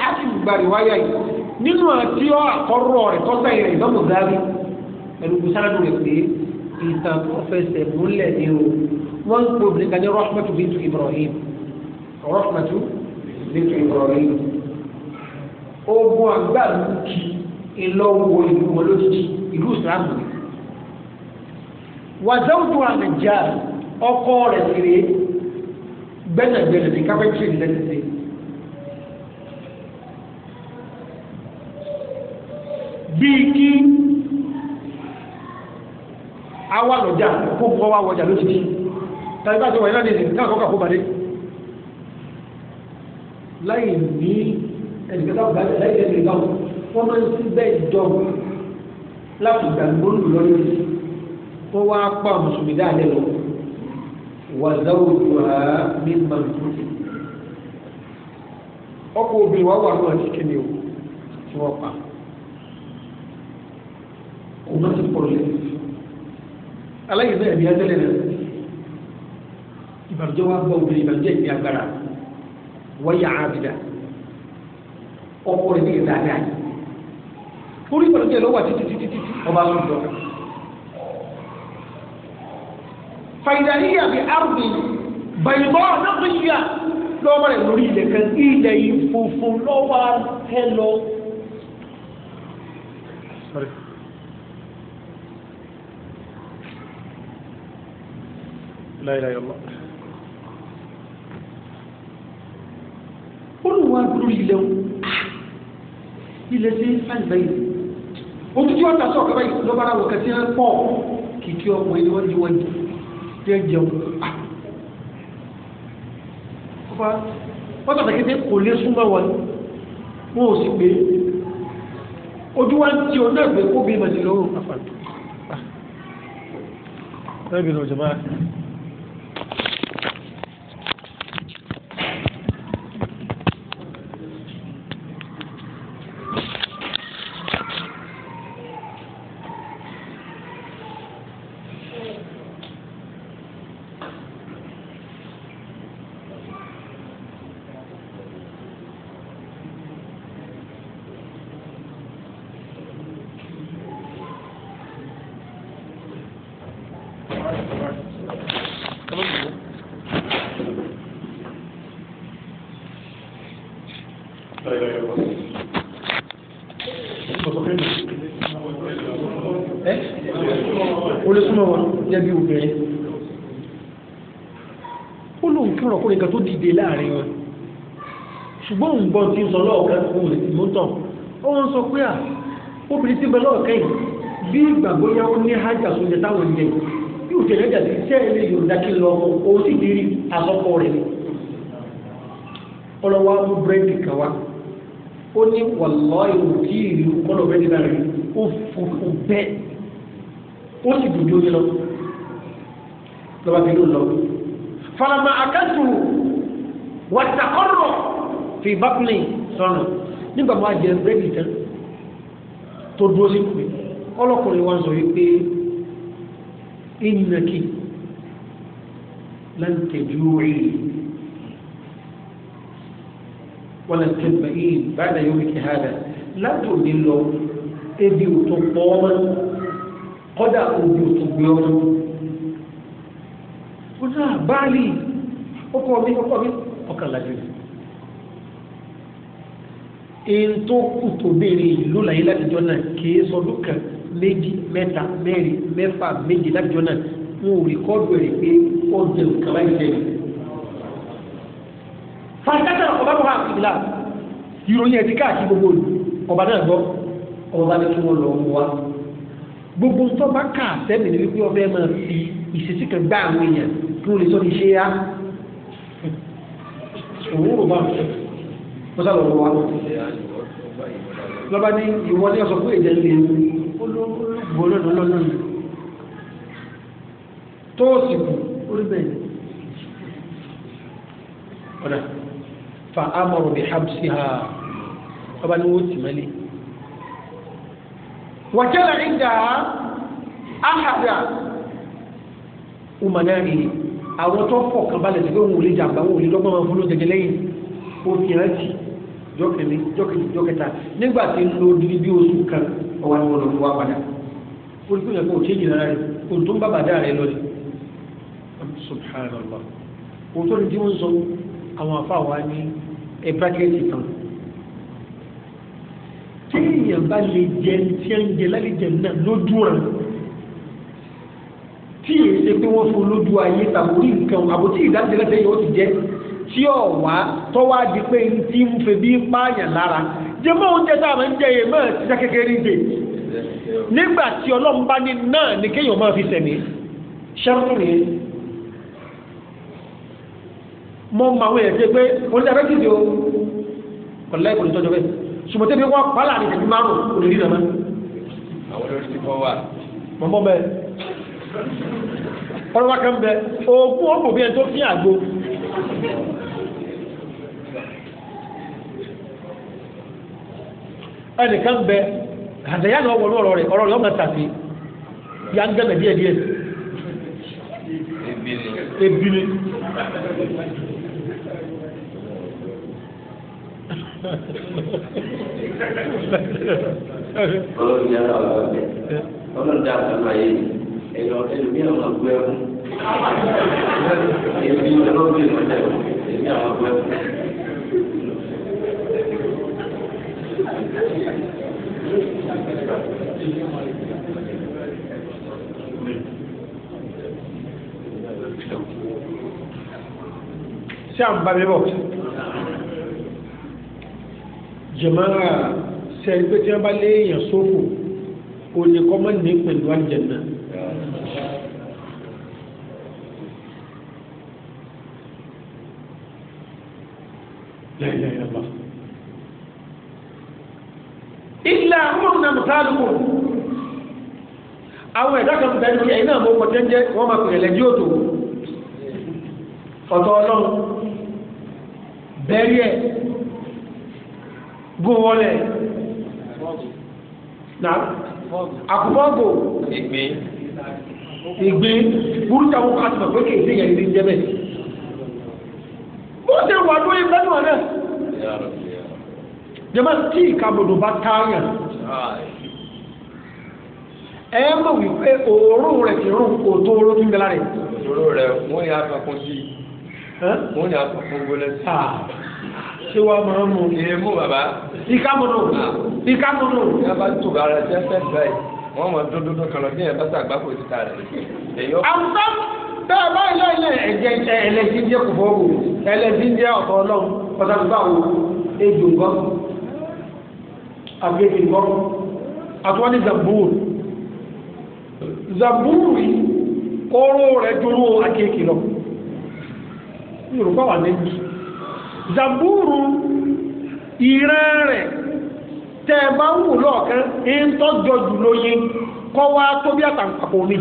B: hákìrì gbàrí wáyà yìí nínú àti ọ́ àkọ́rọ̀ rẹ̀ tọ́sẹ̀ rẹ̀ ìmọ̀mù zábí ẹ̀rù gbùsánù rẹ̀ pé ìtàn ọ̀fẹsẹ̀ múlẹ̀ ni o wọ́n ń pè obìnrin kan ní rọ́ṣmọ́tù bíntu Ibrahim rọ́ṣmọ́tù bíntu Ibrahim. ogun àgbàlú kí ìlọ́wọ́ ìlú wọn lójijì ìlú ìsìlámù rẹ̀ wàzáwùtò àmìjà ọkọ rẹ̀ kiri gbẹ́nàgbẹ́nà ní kápẹ́tìrì lẹ́sẹ̀ bíi kí awa lọ́jà kó kọ́ wa wọjà lójijì tàbí bá a ti wà yín lọ́dún yìí káàkó kàkó bàdé láì ní ẹnìkẹta gbàgbé láìpẹ́ nìkan wọ́n máa ń sí bẹ́ẹ̀ jọ láti gbàgbónú lọ́yọ́ yìí wọ́n wá pa mùsùlùmí dáadé lọ wà záwòjú ha ní mọ̀tòkì ọkọ̀ obìnrin wà wà náà kíkẹ́ ni o tí wọ́n pa kò náà ti pọ̀ lẹ́yìn aláyé náà ẹ̀mí ẹ̀dẹ́lẹ̀ rẹ̀ ìbànújẹ́ wa gbọ́ obìnrin ìbànújẹ́ ìgbé agbára wáyà ábìdá ọkọ rẹ̀ bíi ìdáná yìí orí ìpàdé ló wà títí títí títí ọba sùn lọ. fàyidàníyà bíi arúgbó bàyìnbọ́ nàkúnyà lọ́wọ́ rẹ̀ lórí ilẹ̀ kan ilẹ̀ yìí funfun lọ́wọ́ ẹ lọ. La ilaha illallah. olùwà lórí ilẹ̀ wọn líle sí àìbẹ́yì ojú tí wọ́n ta sọ̀rọ̀ kẹ́bẹ́yì ló bára wọ̀ kẹ́sí ẹ̀ pọ̀ kìkì ọkùnrin ni wọ́n di wọ́n jẹ́ jẹun wọ́n tàbí kété kò lé súnmọ́ wọn wọn ò sì pé ojú wa ti o náà gbé kó bí màdìlórùn dìde láàrin wọn ṣùgbọ́n òun gbọ́n tí ń sọ lọ́ọ̀kẹ́ òun sì mú tàn ó ń sọ pé à obìnrin tí ń bẹ lọ́ọ̀kẹ́ yìí bí ìgbàgbọ́ yá ó ní hájà sóúnjẹ táwọn ń jẹ yóò tẹ̀lé ẹ̀jà sí iṣẹ́ ilé yorùbá kí lọ ó sì di rí asọ́pọ̀ rẹ̀ ọlọ́wọ́ mú búrẹ́dì kan wá ó ní wàlọ́ ìwò kí ìlú kọ́lọ̀ bẹ́ẹ̀ nígbà rẹ̀ ó fòfò bẹ́ẹ̀ ó sì dùdú yín lọ lọ́ba fi ló lọ. farama akẹ́tù wàtàkọ́rọ̀ fi bákùnlé sọ̀rọ̀ nígbà máa jẹ bírèkì tán tó dúró sí pé ọlọ́kùnrin wa ń sọ wípé ìnàkì láǹtẹ̀jú rí wọ́n láǹtẹ̀jú rí bá dà yóò kí hádà látòdì lọ ebi ò tó pọ̀ ọmọ kọ́dà òbí ò tó gbé ọmọ. Ó náà báàlì ọkọ̀ mi ọkọ̀ mi ọkàn lajú èyí tó kù tó béèrè ìlú láyé látijọ́ náà kìí sọdún kan méjì mẹ́ta mẹ́rin mẹ́fà méje látijọ́ náà wọn ò rí kọ́ọ̀dù rẹ̀ pé ó jẹ nǹkan láì jẹ fàṣẹ́tẹ̀ ọba tó hà ìgbìlá ìròyìn ẹ̀ ti káàkiri gbogbo olù ọba náà gbọ́ ọba ní kí wọ́n lọ wọ́n wá gbogbo tó bá kà sẹ́mi ní wípé ọbẹ̀ máa fi ìṣesí kan gbá àwọn èèyàn kí wọ́n lè sọ ní ṣe é á òun rò bá mo sá lọ wọ wa lọ́ba ní ìwọ ní ọ̀sán fún èdè ńlẹ̀ olóògbò lọ́dọ̀ lọ́dọ̀ yìí tó kù orí bẹ́ẹ̀ ọ̀nà fa amọ̀rò bí hamsi ha lọ́ba ní wọ́n ti mẹ́lẹ̀ wàjẹ́lẹ̀ ń dà áhàdà umanari àwọn tó fọkàn balẹ̀ sí pé òun ò lè jàǹbá òun ò lè dọ́gbọ́n máa fúnlọ́ jẹjẹ lẹ́yìn ó fi hàn jì jọkìnrin jọkìnrin jọkẹta nígbà tí ń lo bí oṣù kan ọwọ́ ni wọ́n lọ fún padà ó ní kó yẹ kó o ṣe jìnnà rẹ kó o tó ń bá bàdá rẹ lọ ni subhanallah o tó ní tí wọ́n sọ àwọn afa wa ní ẹ brákẹ́tì kan téèyàn bá lè jẹ tí ń jẹ lálẹ́ jẹ náà lójú ọ̀ràn tí ì ṣe pé wọ́n fún lójú ayé tàbórí nǹkan àbótí ìdánilẹ́sẹ̀ yóò ti jẹ́ tí ò wá tọ́wọ́ di pé n ti ń fe bí pààyàn lára jẹ mọ́ oúnjẹ tá a máa ń jẹ yẹn mọ́ ṣiṣẹ́ kékeré dè nígbà tí ọlọ́run bá ní náà ni kéèyàn máa fi sẹ̀mí ṣẹ́rù rèé mọ́ mọ àwọn èèyàn ṣe pé oníṣẹ́ abẹ́kì ti o kọ̀lẹ́ kò ní tọ́jú bẹ́ẹ̀ ṣùgbọ́n tẹ́bi wọ́n pààlà ní tẹ̀bí márùn-ún kò lè rí nàmá. àwọn olórí ti fọ́ wà. mọ́ mọ́ bẹ́ẹ̀. ọlọ́wà kan bẹ ogún ọgbọ̀n bí ẹni tó fi àgbo ẹnìkan bẹ náà ọ̀rọ̀ ọ̀rọ̀ tàbí ya ń gẹ́mẹ̀ díẹ̀ díẹ̀
A: ọlọ́run yára ọlọ́run ẹ̀yọ̀ ẹlòmíràn máa gbọ́ ẹ̀kún èmi ọlọ́gbìn lọ́jà èmi àwọn gbọ́ ẹ̀kún. ṣé à ń bá mi bọ̀
B: jẹ̀mọ́ra sẹ́yìn pé tí wọ́n bá léèyàn sófò òní kọ́ mọ́ ní pẹ̀lú àjẹ̀ náà. lẹ́yìn ẹ̀yìn lọ. ilẹ̀ àwọn náà mùsàlù kù àwọn ẹ̀dá kan bẹ̀rẹ̀ ní ẹ̀yìn náà mọ̀ pọ̀ jẹ́jẹ́ wọ́n máa pèrè lẹ́jọ́ òtò ọ̀tọ̀ ọlọ́run bẹ́ẹ̀rí ẹ̀ gún na àkùbọ́gò ìgbín ìgbín burúkú àwọn kásìmọ̀ pé kèké yẹn ní jẹ́bẹ̀ẹ́. jẹ́mọ́ tí ìkàbòdò bá táyàn ẹ mọ̀ wípé òórùn rẹ̀ ti rún òtó oró tí ń rẹ̀. òórùn rẹ̀ wọ́n ní afẹ́kún sí wọ́n ní afẹ́kún gbọ́lẹ̀ sí. ṣé wàá máa mú. èyí mú bàbá. ìkàbòdò ìkàbòdò. yàrá tó ara jẹ́ fẹ́ báyìí wọ́n mọ̀ dúdúdú kan lọ bí ẹ̀ bá sàgbà kò sí ta rẹ̀. àwùjọ bẹ́ẹ̀ báyìí lẹ́yìn ẹ̀jẹ̀ ẹlẹ́sìn jẹ́ kò fọ́ọ̀gù pàtàkì báwo ejò nǹkan àbí ejò nǹkan àtúwọ́n ní zabur zabur yìí kóró rẹ̀ dúró akéèké lọ yorùbá wà lẹ́yìn zaburu ìran rẹ̀ tẹ́ ẹ bá wù lọ́ọ̀kan ń tọ́jọ jù lóyin kọ́ wá tó bí àtàǹpàpọ̀ mi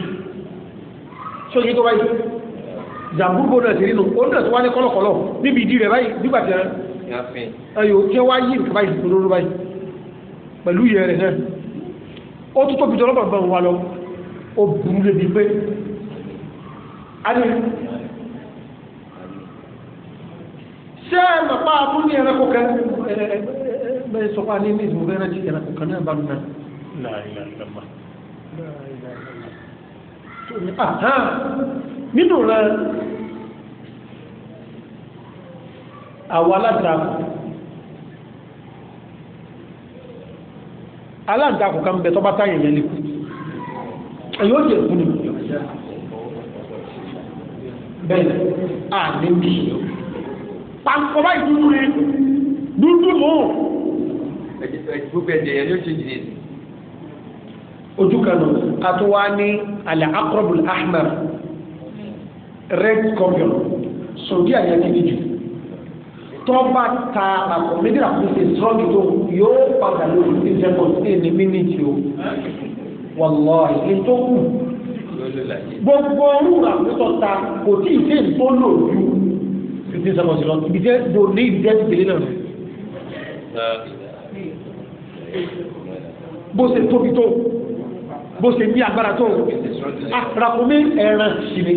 B: sóyè tó jàmbúrúgbó náà ti rínú ó náà tó wá ní kọ́lọ̀kọ́lọ̀ níbi ìdí rẹ̀ báyìí nígbà tí ayò kí wá yí nǹkan báyìí lóró báyìí pẹ̀lú ìyẹ́ rẹ̀ náà ó tún tóbi tọ́lọ́pàá bá wa lọ ó burú lébi pé a ní ṣé ẹ̀mọ̀pá fún ní ẹranko kan ẹ̀ẹ́dẹ́gbẹ́ sọ́pá ní ní ìsìnkú ẹranko kan náà bá lù náà Ah, nínú rẹ̀ àwọn aládàkù aládàkù kan bẹ̀ tọ́bátá yẹ̀yẹ̀ lè
A: èyí ó jẹ́ kú ni
B: bẹ́ẹ̀ àdébí pàǹkọ̀ báyìí dúdú rẹ̀ dúdú mọ́ ẹ̀jẹ̀ gbogbo ẹ̀jẹ̀ yẹn ló ṣe jìnnà ojú kanu àtúwá ní alẹ́ akrobul ahmar red scorpion sòdí àyà ti di jù tọ́ba ta àpò méjì àpò ṣe strong tó yóò padà lórí ní seconds ní mínítì o wàlọ́ọ̀ì ní kù gbogbo orúurú àpótọ́ ta kò tí ì sí tó lò ju fifteen seconds lọ ibi jẹ́ do ní ìdíjẹ́ ti délé náà
A: bó ṣe tóbi tó
B: bó ṣe ní agbára tó àràkùnmí ah, ẹran sí ni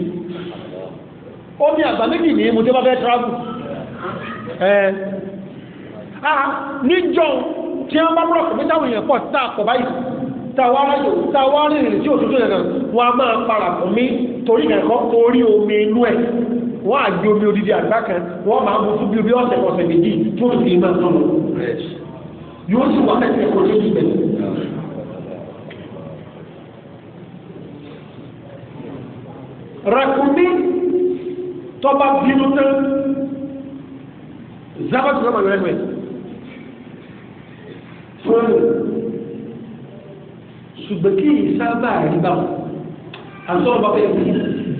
B: ó ní àgbà méjì ní mo tẹ́ bá fẹ́ travel ẹ̀ ah níjọ tí wọ́n bá múra kọ̀mí táwọn èèyàn pọ̀ tá àpọ̀ báyìí táwa ráyò táwa rìnrìn tí òtútù yẹn kan wọ́n a máa para kọ̀mí torí ẹ̀kọ́ orí omi inú ẹ̀ wọ́n á gbé omi odidi àgbá kan wọ́n máa mú fún bí omi ọ̀sẹ̀ ọ̀sẹ̀ méjì tó ti máa tọ̀nà yóò sì wọ́n fẹ́
A: rakumi
B: tọba bínú tán zabatu náà wọlé wẹ fún ṣùgbọ́n kí ìsábà àríbá àtọ́wọ́ bá fẹ́ fi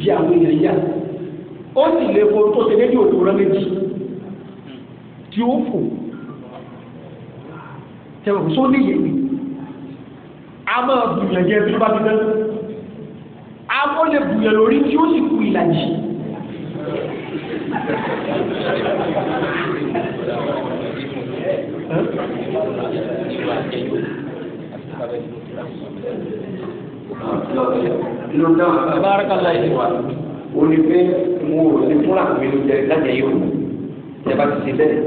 B: jẹ àwọn èèyàn yá ó sì lè fọ tó ṣe dédé òkú rẹ méjì tí ó fò tẹ̀wọ̀n sóníyè a máa bùyànjẹ tó bá fi náà àwọn lè bùyàn lórí tí ó sì kú ìlàjì. Bárakàlá yìí wà. O ní pé mo ò ní fúnra mi ló jẹ lájẹ yóò. Ìjọba ti ṣe bẹ́ẹ̀.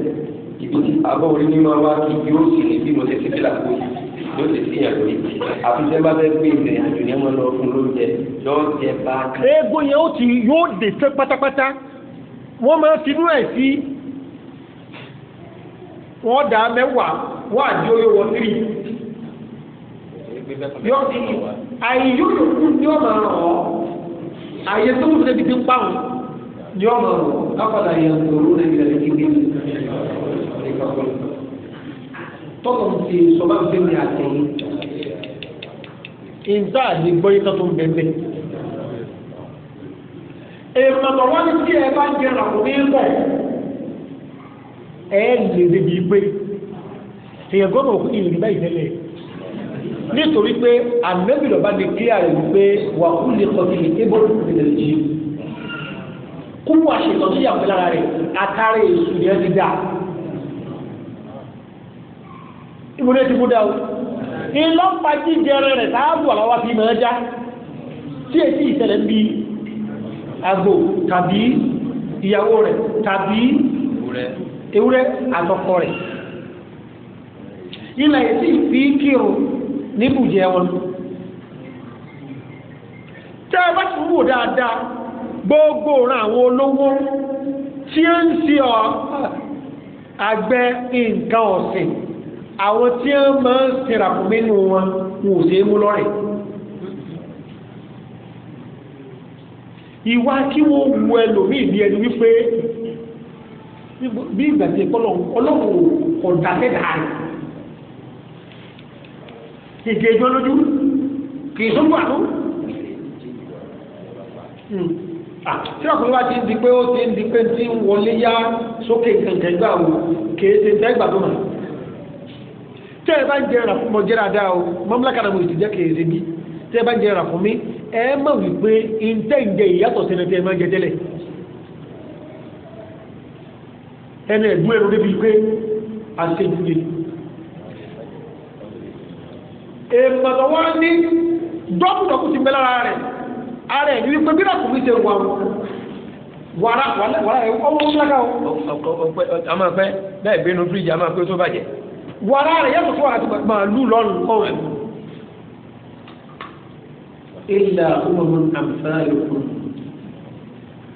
B: Ibi tí abọ́ orí ní máa wá kí yóò sì ní bí mo ṣe ti fi làkúrò yóò ti fi hàn lórí àfijẹ́ bá fẹ́ gbé ìrìn àjò yẹn mọ́ lọ fún lóúnjẹ yóò jẹ bá. eégún yẹn ó ti yóò dé sẹ́ pátápátá wọ́n máa ti nú ẹ̀ sí wọ́n dá mẹ́wàá wọ́n àdí oyè wọ́n tírì yóò ti àyè yóò lò kú ní ọ̀nà ràn ọ́ àyè tó ń tẹ̀bi ti pa ní ọ̀nà ràn ọ́ káfọ́dà yẹn kò lóore ìrẹ̀lẹ̀ kíkẹ́ tọ́lọ̀ ti sọ bá ń bẹ́ẹ̀ ní àtẹ̀yìn. ìgbà ní gbọ́yé tó ń bẹ́ẹ̀ bẹ́ẹ̀. èèmọ̀tọ̀ wọ́n ní kí ẹ bá jẹ ràkúnmí pọ̀ ẹ lè débi pé èèyàn gbọ́dọ̀ òkú ìlú ní báyìí tẹ́lẹ̀ nítorí pé ànábì lọ́ba ní kílíà rẹ̀ wípé wà kú lè kọ́ sí ébólú ìpínlẹ̀ yìí kúrú àṣetọ̀ sí àpẹlára rẹ̀ àtàrí èsù yẹn ti dáa. ìbúdé ti bú dá o ìlọ́pàá jíjẹrẹ rẹ̀ sáábù àlọ́wà fi máa já tí èsì ìṣẹ̀lẹ̀ ń bi àgbò tàbí ìyàwó tàbí ewúrẹ́ àtọkọ ị na-esi fi kírun níbùjẹ wọn ti da da gbogbo ran àwọn tí wọ́n máa ń tẹ̀rà fún mi nù wọn wọn ò ṣe é mú lọ́rẹ̀. ìwà kí wọ́n wu ẹlòmíì bí ẹni wípé bí ìgbà tí ọlọ́run kò dákẹ́ dáa kìkì ẹjọ́ lójú kìí tó gbà tó. tí ọkùnrin bá ti di pé ó ti di pé tí ń wọlé yá sókè gàngàn gbà wò kìí ṣe tó hàn tẹ́ ẹ bá ń jẹ́ ràfún mọ́ jẹ́ dáadáa o mọ́mílákà náà mo sì jẹ́ kèrè bí tẹ́ ẹ bá ń jẹ́ ràfún mi ẹ mọ̀ wípé ntẹ́ ń jẹ ìyàtọ̀ sẹ́ni tẹ́ ẹ máa ń jẹ tẹ́lẹ̀ ẹni ẹ̀gbọ́n ẹ̀rọ débi pé àṣejúlé èèmọ̀tọ̀ wọ́n ní dọ́kùdọ́kù ti mẹ́lára rẹ̀ ara ẹ̀ wípé bí ràfún mi ṣe wà wàrà wàrà ẹ̀ ọmọ ńlá ká o. ọmọ pẹ bẹ́ẹ̀ bínú fíríjì a máa bàjẹ́. wàrà rẹ̀ yàtọ̀ fún àti màálù lọ́nù ọ̀rẹ́ ilà ọmọ àmfà ìkùn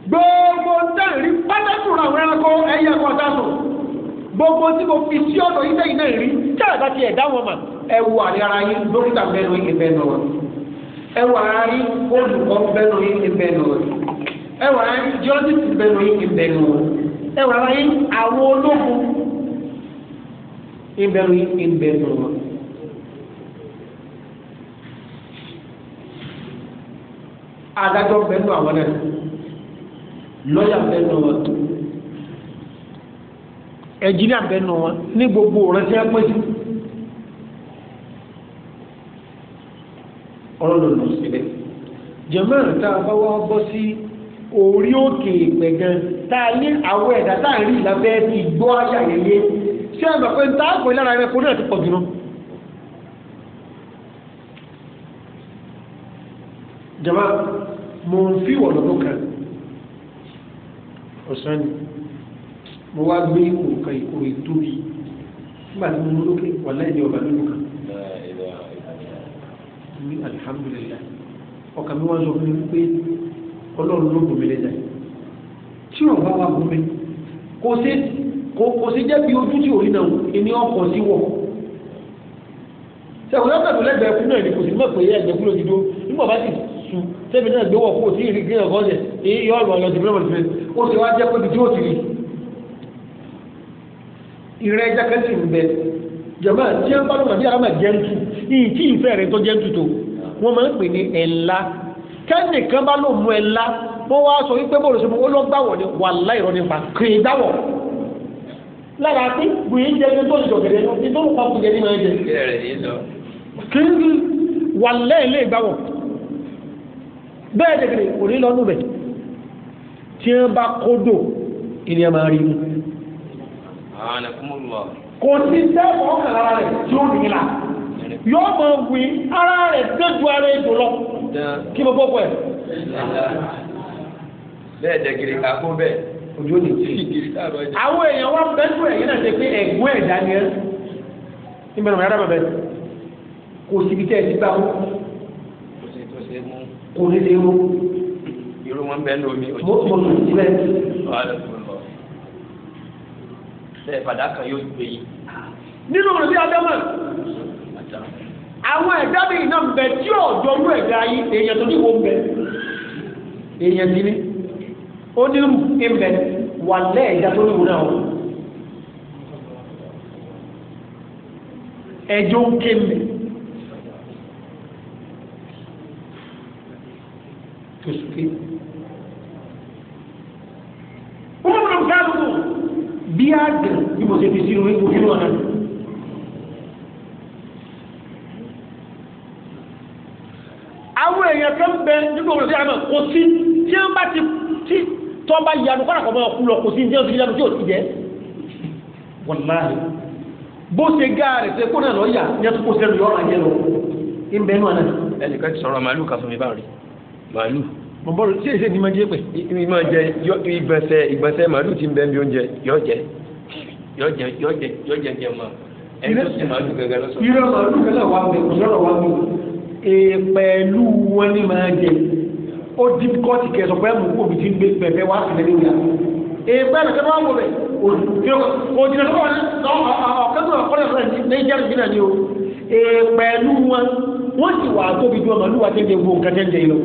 B: gbogbo dáìrí pátákó ra àwọn ẹranko ẹyẹ kan sáàtọ̀ gbogbo tí mo fi sí ọ̀dọ̀ yìí sẹ́yìn náà rí tẹ́lẹ̀ bá ti ẹ̀dá wọn mà àrí ara yín dókítà mẹ́nu yìí ara yín olùkọ́ mẹ́nu yìí ara yín jọ́sìtì mẹ́nu yìí ara yín àwọn ológun ìbẹ̀rù ìbẹ̀rù wọn. adájọ́ bẹ́ẹ̀nu àwọn náà lọ́yà bẹ́ẹ̀nu wọn ẹ̀jìnìà bẹ́ẹ̀nu wọn ní gbogbo rẹ̀ṣẹ̀ pẹ́ sí. ọlọ́run lọ síbẹ̀ jẹ̀mọ́ tá a bá wá bọ́ orí òkè ìpẹ̀gàn tá a lé àwọ̀ ẹ̀dá tá a rí ìlàbẹ́ ti gbọ́ àṣà yẹn yé ṣé ẹ mọ̀ pé ń táàkù ìlara ẹranko náà ti pọ̀ jù lọ. jama mo ń fi wọ̀ lọ́dún kan ọ̀sán ni mo wá gbé òǹkà ìkórè tóbi nígbà tí mo mú lókè wà láì ní ọ̀bà lónìí kan ní alihamudulilayi ọkàn mi wọn sọ fún mi pé ọlọ́run ló bomi lẹ́jà tí ò bá wà bomi kò sí kò sí jẹ́ bí ojú tí òrí náà ìní ọkọ̀ sí wọ̀ sẹ́wọ̀n náà pẹ̀lú lẹ́gbẹ̀ẹ́ fún náà ní kò sí mọ̀ pé ẹgbẹ́ kúrò dídó nígbà bá sì su sẹ́mi náà gbéwọ̀ kó sí ìrí gíga gọ́ọ̀dẹ̀ èyí yọ ọ̀rọ̀ ọ̀yọ́ dìbò lọ́mọdé ó sì wá jẹ́ pé ibi tí ó ti rí ìrẹ́ ẹja kẹ́sì ń bẹ jọba tí wọ́n bá lọ́mọ bí arámà jẹ́ntù ìyí tí ìfẹ́ rẹ̀ tó jẹ́ntù tó wọ́n máa ń pè ní ẹ̀la kẹ́nìkan bá lò mú ẹ̀la wọ́n wá sọ wípé bọ́ọ̀lù sọ́mọ́ ó lọ́gbàwọ̀ ni wàláì rọ́ nípa kì í dáwọ̀ lára pé gbìyànjú jẹ́ pé tó ń jọ̀gẹ̀dẹ̀ ní tó ń pa kùjẹ́ ní máa jẹ. kí n wà lẹ́yìn lè gbàwọ̀ bẹ́ẹ̀ dẹ̀gẹ̀dẹ̀ kò ní lọ́nù bẹ̀ tí wọ́n bá kódò ìní ẹ̀ máa rí mu. kò sí sẹ́ẹ̀kọ́ ọ̀kan lára rẹ̀ tí ó nìyí la yọ ọmọ wí ara rẹ̀ tẹ́jú ara ètò lọ kí mo bọ́ pọ̀ ẹ̀. bẹ́ẹ̀ dẹ̀gẹ̀dẹ̀ kà kó bẹ́ẹ̀ ojú ò ní tì í. àwọn èèyàn wá bẹ́ńtù ẹ̀yìn náà ṣe pé ẹ̀gbọ́n ẹ̀dá ni ẹ́ níbẹ̀ lọ́mọ yàrá bàbá ẹ̀ kò síbi tẹ́ ẹ ti gbà wọ́n. kò ní ṣe mú. irú wọn bẹ́ẹ̀ lómi ojú. mo mo tún ti bẹ́ẹ̀. bẹ́ẹ̀ fàdákà yóò gbé yìí. nínú olùdí adámà àwọn ẹ̀dá mi náà bẹ̀ tí ọ̀jọ̀ ló ẹ̀dá yìí èèyàn tó ní wo bẹ̀ èèyàn ti ní ó ní rù ẹ̀mẹ̀ wà lẹ́ẹ̀dá tó léwu náà ẹjọ́ ń ké mẹ́ tó sùké. wọ́n mú un káàdùkù bí àgbẹ̀ bí mo ṣe fi sínú ojú ọ̀nà. àwọn èèyàn kan bẹ nígbà wo ló ṣe àmọ̀ kò sí tí wọ́n bá ti tó bá yanu kọ́nà kọ́ máa kú lọ kò sí ní ọ̀sìn yanu tí ò ti jẹ́ wàláhì bó ṣe gáàrì ṣe kó náà lọ yà ní ẹtù kó sẹ́nu yọ ọ̀ràn yẹn lọ ìbẹ́ nù àná. ẹnìkan ti sọ̀rọ̀ màálù kan fún mi báyìí màálù. mo bọ́ sí èsè ni máa jẹ́ pé. máa jẹ ìgbọ̀nsẹ̀ ìgbọ̀nsẹ̀ màálù ti ń bẹ́ẹ̀ bí oúnjẹ yọ jẹ yọ jẹ yọ jẹ yọ jẹ jẹ mọ́ ẹni tó ti màálù gẹ́gẹ́ ó difficult kẹsọ̀ pé mú kó bìtí gbé pẹ̀pẹ̀ wá sílẹ̀ ní ìyá èèpẹ́ nìkan tó wà wọ̀ bẹ̀ òjìnà tó wà ọ̀kẹ́tọ̀ ọ̀kọ́lẹ̀ sọ̀rọ̀ nàìjíríà jìnnà ni o èèpẹ̀lú wọn wọ́n sì wà tóbi ju ọmọ lúwa tẹ́jẹ̀ gbogbo nǹkan tẹ́jẹ̀ yìí lọ.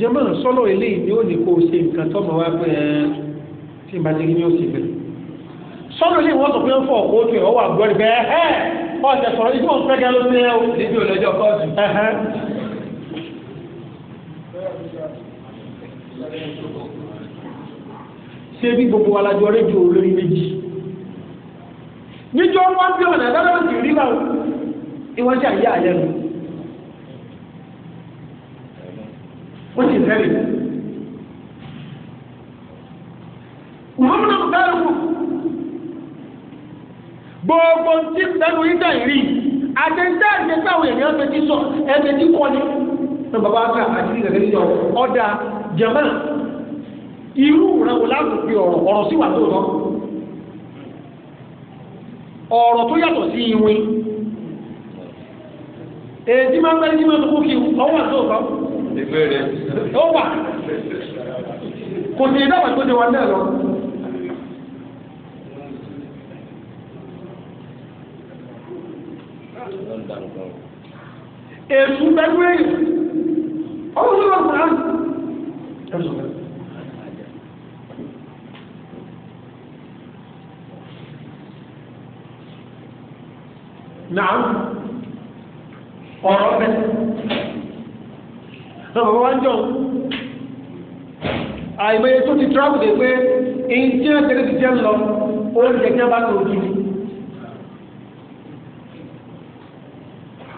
B: jẹ́mọ̀ sọ́lọ̀ eléyìí ni ó ní kó o ṣe nǹkan tọ́mọ wá pé ẹ́ tí n bá ti rí ní ó sì bẹ̀rẹ̀ sọ́dọ̀ ilé ìwọ́n tó fi ń fọ̀ kó tó ìwọ́ wà gbọ́dọ̀ bẹ́ẹ̀ ẹ́ ọ̀sẹ̀ sọ̀rọ̀ ibi wọn fẹ́ gẹ́ ló ṣe é o. níbi olójó kọ́ọ̀tù. ṣé bí gbogbo alájọ rédíò olórí méjì. níjọ́ wọn bí ọ̀nà dáadáa ti rí báwo ìwọ́n ṣe àyè àyẹ̀ nù. ó sì fẹ́rẹ̀ gbogbo tí sẹ́nu ìdá ìrì àtẹ̀ntẹ́ àtẹ̀ntẹ́ àwọn èèyàn ẹgbẹ́ tí sọ ẹgbẹ́ tí kọ́ ni ẹ bàbá ká àti ìgbà tí sọ ọ̀dà jama irú rẹ̀ wò láti fi ọ̀rọ̀ ọ̀rọ̀ sí wà tó lọ ọ̀rọ̀ tó yàtọ̀ sí iwin èdè máa ń bẹ́ẹ̀ ní mọ́tò kókì ọwọ́ àti òkọ́
A: ó kò sì dáwà tó dé wa náà lọ. dandan.
B: Èsù pẹ̀lú èyí, ọ̀hún ló wà á. Nàá ọ̀rọ̀ bẹ́ẹ̀. Bàbá wa ń jọ àìmọye tó ti tíráàbù dé pé èyí tí wọ́n tẹ̀lé ti jẹ́ lọ, oúnjẹ jẹ́ bá tó kiri.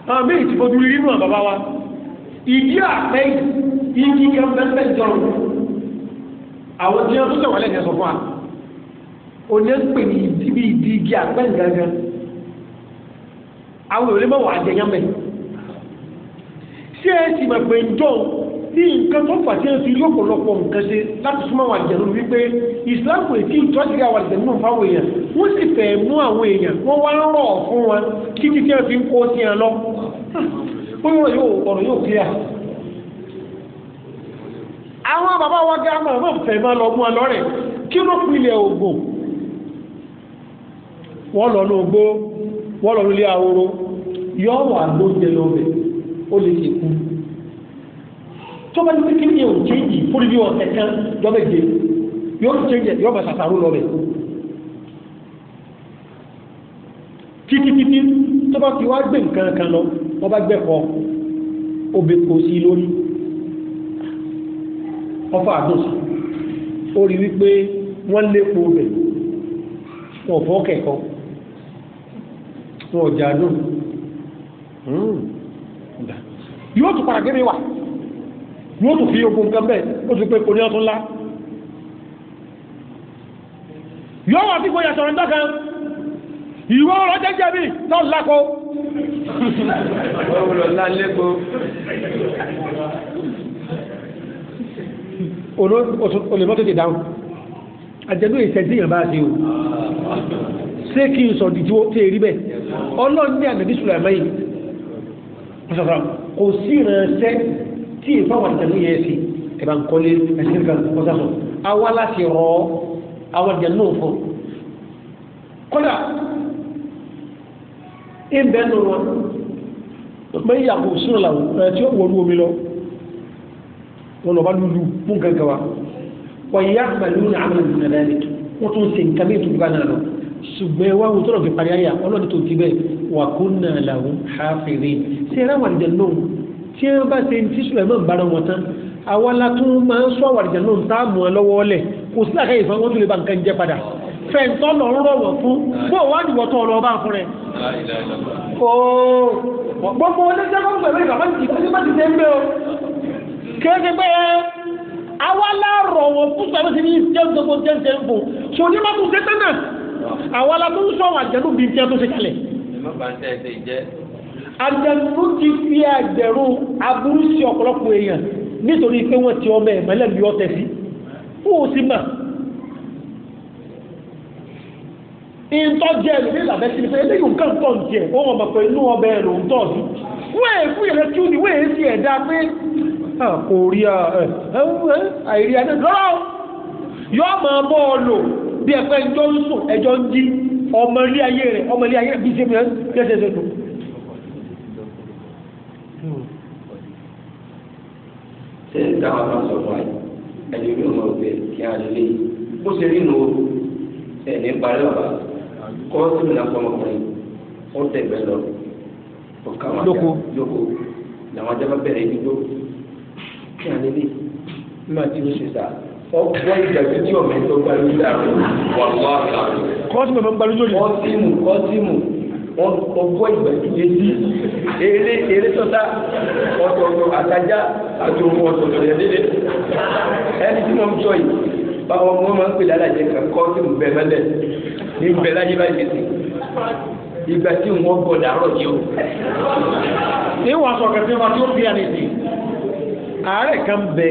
B: àwọn méjì ti fojú rí nínú àbábá wa ìdí àpẹ́ igi kẹfẹ́fẹ́ jọrùn àwọn tí wọ́n tó sọ̀rọ̀ lẹ́yìn sọ fún wa òní ń pè ní ìdíbi ìdí igi àpẹ́ gangan àwọn ìròlé mọ̀ wà á jẹ yánmẹ́ ṣé ẹ sì mọ̀ pé ń jọ̀ọ́ ní nǹkan tó fà tí ó fi lọ́pọ̀lọpọ̀ nǹkan ṣe láti súnmọ́ àwọn àjẹ̀nú wípé ìsìláàmù èkí ìtọ́jú àwọn àjẹ̀nú náà fáwọn èèyàn wọ́n sì fẹ́ mú àwọn èèyàn wọ́n wá ń rọ̀ fún wọn kí títí ẹ̀ fi ń kó sí ẹ lọ. ó yọ yóò ọ̀rọ̀ yóò clear. àwọn bàbá wa gá máa máa fẹ́ máa lọ mú ọ lọ́rẹ̀ kí ló fi ilẹ̀ ògbò wọ́n lọ lóògbó wọ́n lọ lórí ahoro yọ tó bá ní pé kí ni ò chéjì fún ibi ọ̀sẹ̀ kan lọ́bẹ̀ gbé yóò tún chéjì yóò bá ṣàṣàrò lọ́bẹ̀ títítítí tó bá fi wá gbé nǹkan kan lọ wọ́n bá gbẹ̀kọ́ obè kò sí lórí ọfà àdóṣù ó rí wípé wọ́n lépo obẹ̀ wọ́n fọ́ kẹ̀kọ́ wọ́n ọjà dùn hmm. yóò tún padà gẹ́gẹ́ wà yóò tún fi ogun nǹkan bẹ́ẹ̀ ó sì pé kò ní ọtún ńlá yóò wà sí gbóyà sọ̀rọ̀ ńdọ́kan ìwọ ọ̀rọ̀ jẹ́jẹ́ mi tó ńlá kó.
A: wọ́n lọ ńlá lẹ́kọ̀ọ́.
B: olùmọ́ tètè dáhùn àjẹ́gbé ìṣẹ́jú yẹn bá ṣe o ṣé kí n sọ̀dí tí ó tẹ̀ rí bẹ́ẹ̀ ọlọ́run ní ànàbí sùlẹ̀ mẹ́yìn kò sí ìrànṣẹ́ tí ìfọwọ́n ìtẹ̀lú yẹ sí ẹ̀bà ń kọ́lé ẹ̀sìn kan kọ́sàsọ̀ awa láti rọ àwọn ìjẹ̀lú fún kódà ìbẹ̀ nù wọn pé ìyàgò sínú làwọn ẹ̀ tí ó wọlú omi lọ wọn lọ bá lulu mú gẹ́gẹ́ wa wọ́n yá pẹ̀lú ní àmì ìdùnnà rẹ̀ wọ́n tún ṣe nǹkan bí ìtùkú kan lọ ṣùgbọ́n wá wò tó lọ fi parí ayé àwọn ọlọ́dún tí wọ́n bá ṣe tí Suleiman bára wọn tán àwọn alátún máa ń sọ àwàdìjà náà tá àmọ́ ẹ lọ́wọ́ ọlẹ̀ kò sí àkàyè fún wọn tó lè ba nǹkan jẹ padà fẹ̀ǹtọ́ lọ rọ̀ wọ̀ fún bó wà ní wọ́tọ̀ ọ̀rọ̀ ọba fún rẹ̀. gbogbo oníṣẹ́ kọ́ pẹ̀lú ìgbà máa ti ṣe máa ti ṣe ń gbé o kéèké pé ti ní àdàlú ti fi àgbẹ̀rún aburú sí ọ̀pọ̀lọpọ̀ èèyàn nítorí pé wọ́n ti ọmọ ẹ̀mọ́lẹ̀ bí ọ́ tẹ̀sí fún òsì mà. ìtọ́jẹ́ ẹ̀lú ní ìlàbẹ́ sí ìfẹ́ eléyìí nǹkan tọ̀ ní tiẹ̀ ó wọ́n mọ̀ pé inú ọbẹ̀ ẹ̀rọ ń tọ̀ sí. wọ́n ẹ̀ fún ìrẹ́ tí ó ní wéè sí ẹ̀dá pé kò rí àìrí ẹ̀dá lọ́rọ́ yóò máa bọ́ ọ lò bí ẹ̀fẹ́ ẹjọ́ ń sùn ẹjọ́ ń jí ọmọ ilé ayé rẹ̀ ọmọ ilé ayé rẹ̀ bí ṣe fi ẹ̀ ṣé ń dáhùn àwọn sọ fún àyè ẹni yóò mọ pé kí a lè bó ṣe rí nu ẹni parí ọba kọ́ sínú náà fọmọkùnrin ó tẹ̀gbẹ́ lọ ọ̀ka wọn lóko lóko làwọn ajá bá bẹ̀rẹ̀ ibi tó kí á lè lè má ti ń ṣe sáà ọgbọ́n ìjàgbé tí ọ̀mẹ́tọ́ gbalú dáhùn wà wá àgbà. kọ́sìmù ló ń wọn ọgbọ́ ìgbà tí yé di eré eré sọ́tà ọ̀tọ̀ọ̀tọ̀ àtajà àti ohun ọ̀tọ̀ọ̀tọ̀ yẹn lédè ẹni tí wọ́n ń sọ yìí báwọn ọmọ máa ń pè lálàjẹ kan kọ́ sí nbẹ mẹ́lẹ̀ ní nbẹ láyé báyìí sí ìgbà tí wọ́n gbọ́ dàrọ̀ yìí o. ní wọn sọ kẹfẹ wọn tí ó bí àná ìsìn ààrẹ kan bẹ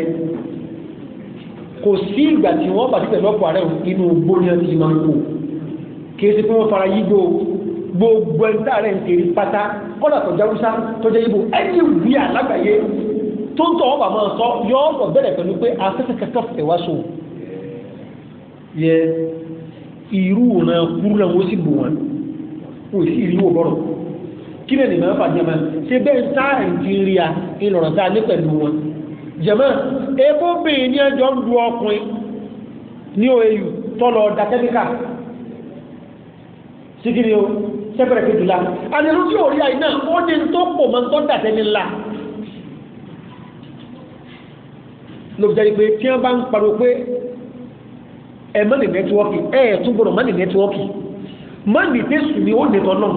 B: kò sí ìgbà tí wọ́n bàtí pẹ̀lú ọ̀pọ̀ ààrẹ inú gbóni ọtí máa ń kó kí esi pé wọ́n fara yígbó gbogbo ẹni tá a rẹ̀ ń kiri pátá kọ́dà tó jáwúsá tó jẹ́ ibo ẹni wí àlágbàáyé tó ń tọ̀ wọ́n bàmọ́ sọ yọ ọ̀rọ̀ bẹ̀rẹ̀ pẹ̀lú pé afẹ́fẹ́ kẹtọ́ fẹ̀ wá so yẹ irú òun kúrú náà wọ́n sì bù wọn kò sí ìrìwò bọ̀rọ̀ kí lè nìmọ̀ fà jẹ́mọ́ ṣe bẹ́ẹ̀ ń tá nàìjíríà ìlọ̀rọ̀ tá a ní pẹ̀lú wọn jẹ́mọ́ ebó bèè ní ẹjọ́ ń du ọkùnrin ní òye tọ́lọ̀ ọ̀dà kẹ́míkà síkìrì o sẹ́pẹ̀rẹ̀ fi dùlá àdìrú tí ò rí àyè náà ó ní tó pọ̀ mọ́ tó dàtẹ́ ní ńlá ló fi jáde pé tí wọ́n bá ń pariwo pé ẹ má ní nẹ́tíwọ́kì ẹ ẹ̀ tún gbọ́dọ̀ má ní nẹ́tíwọ́kì má ní tẹ́sù ni ó ní tọ́nà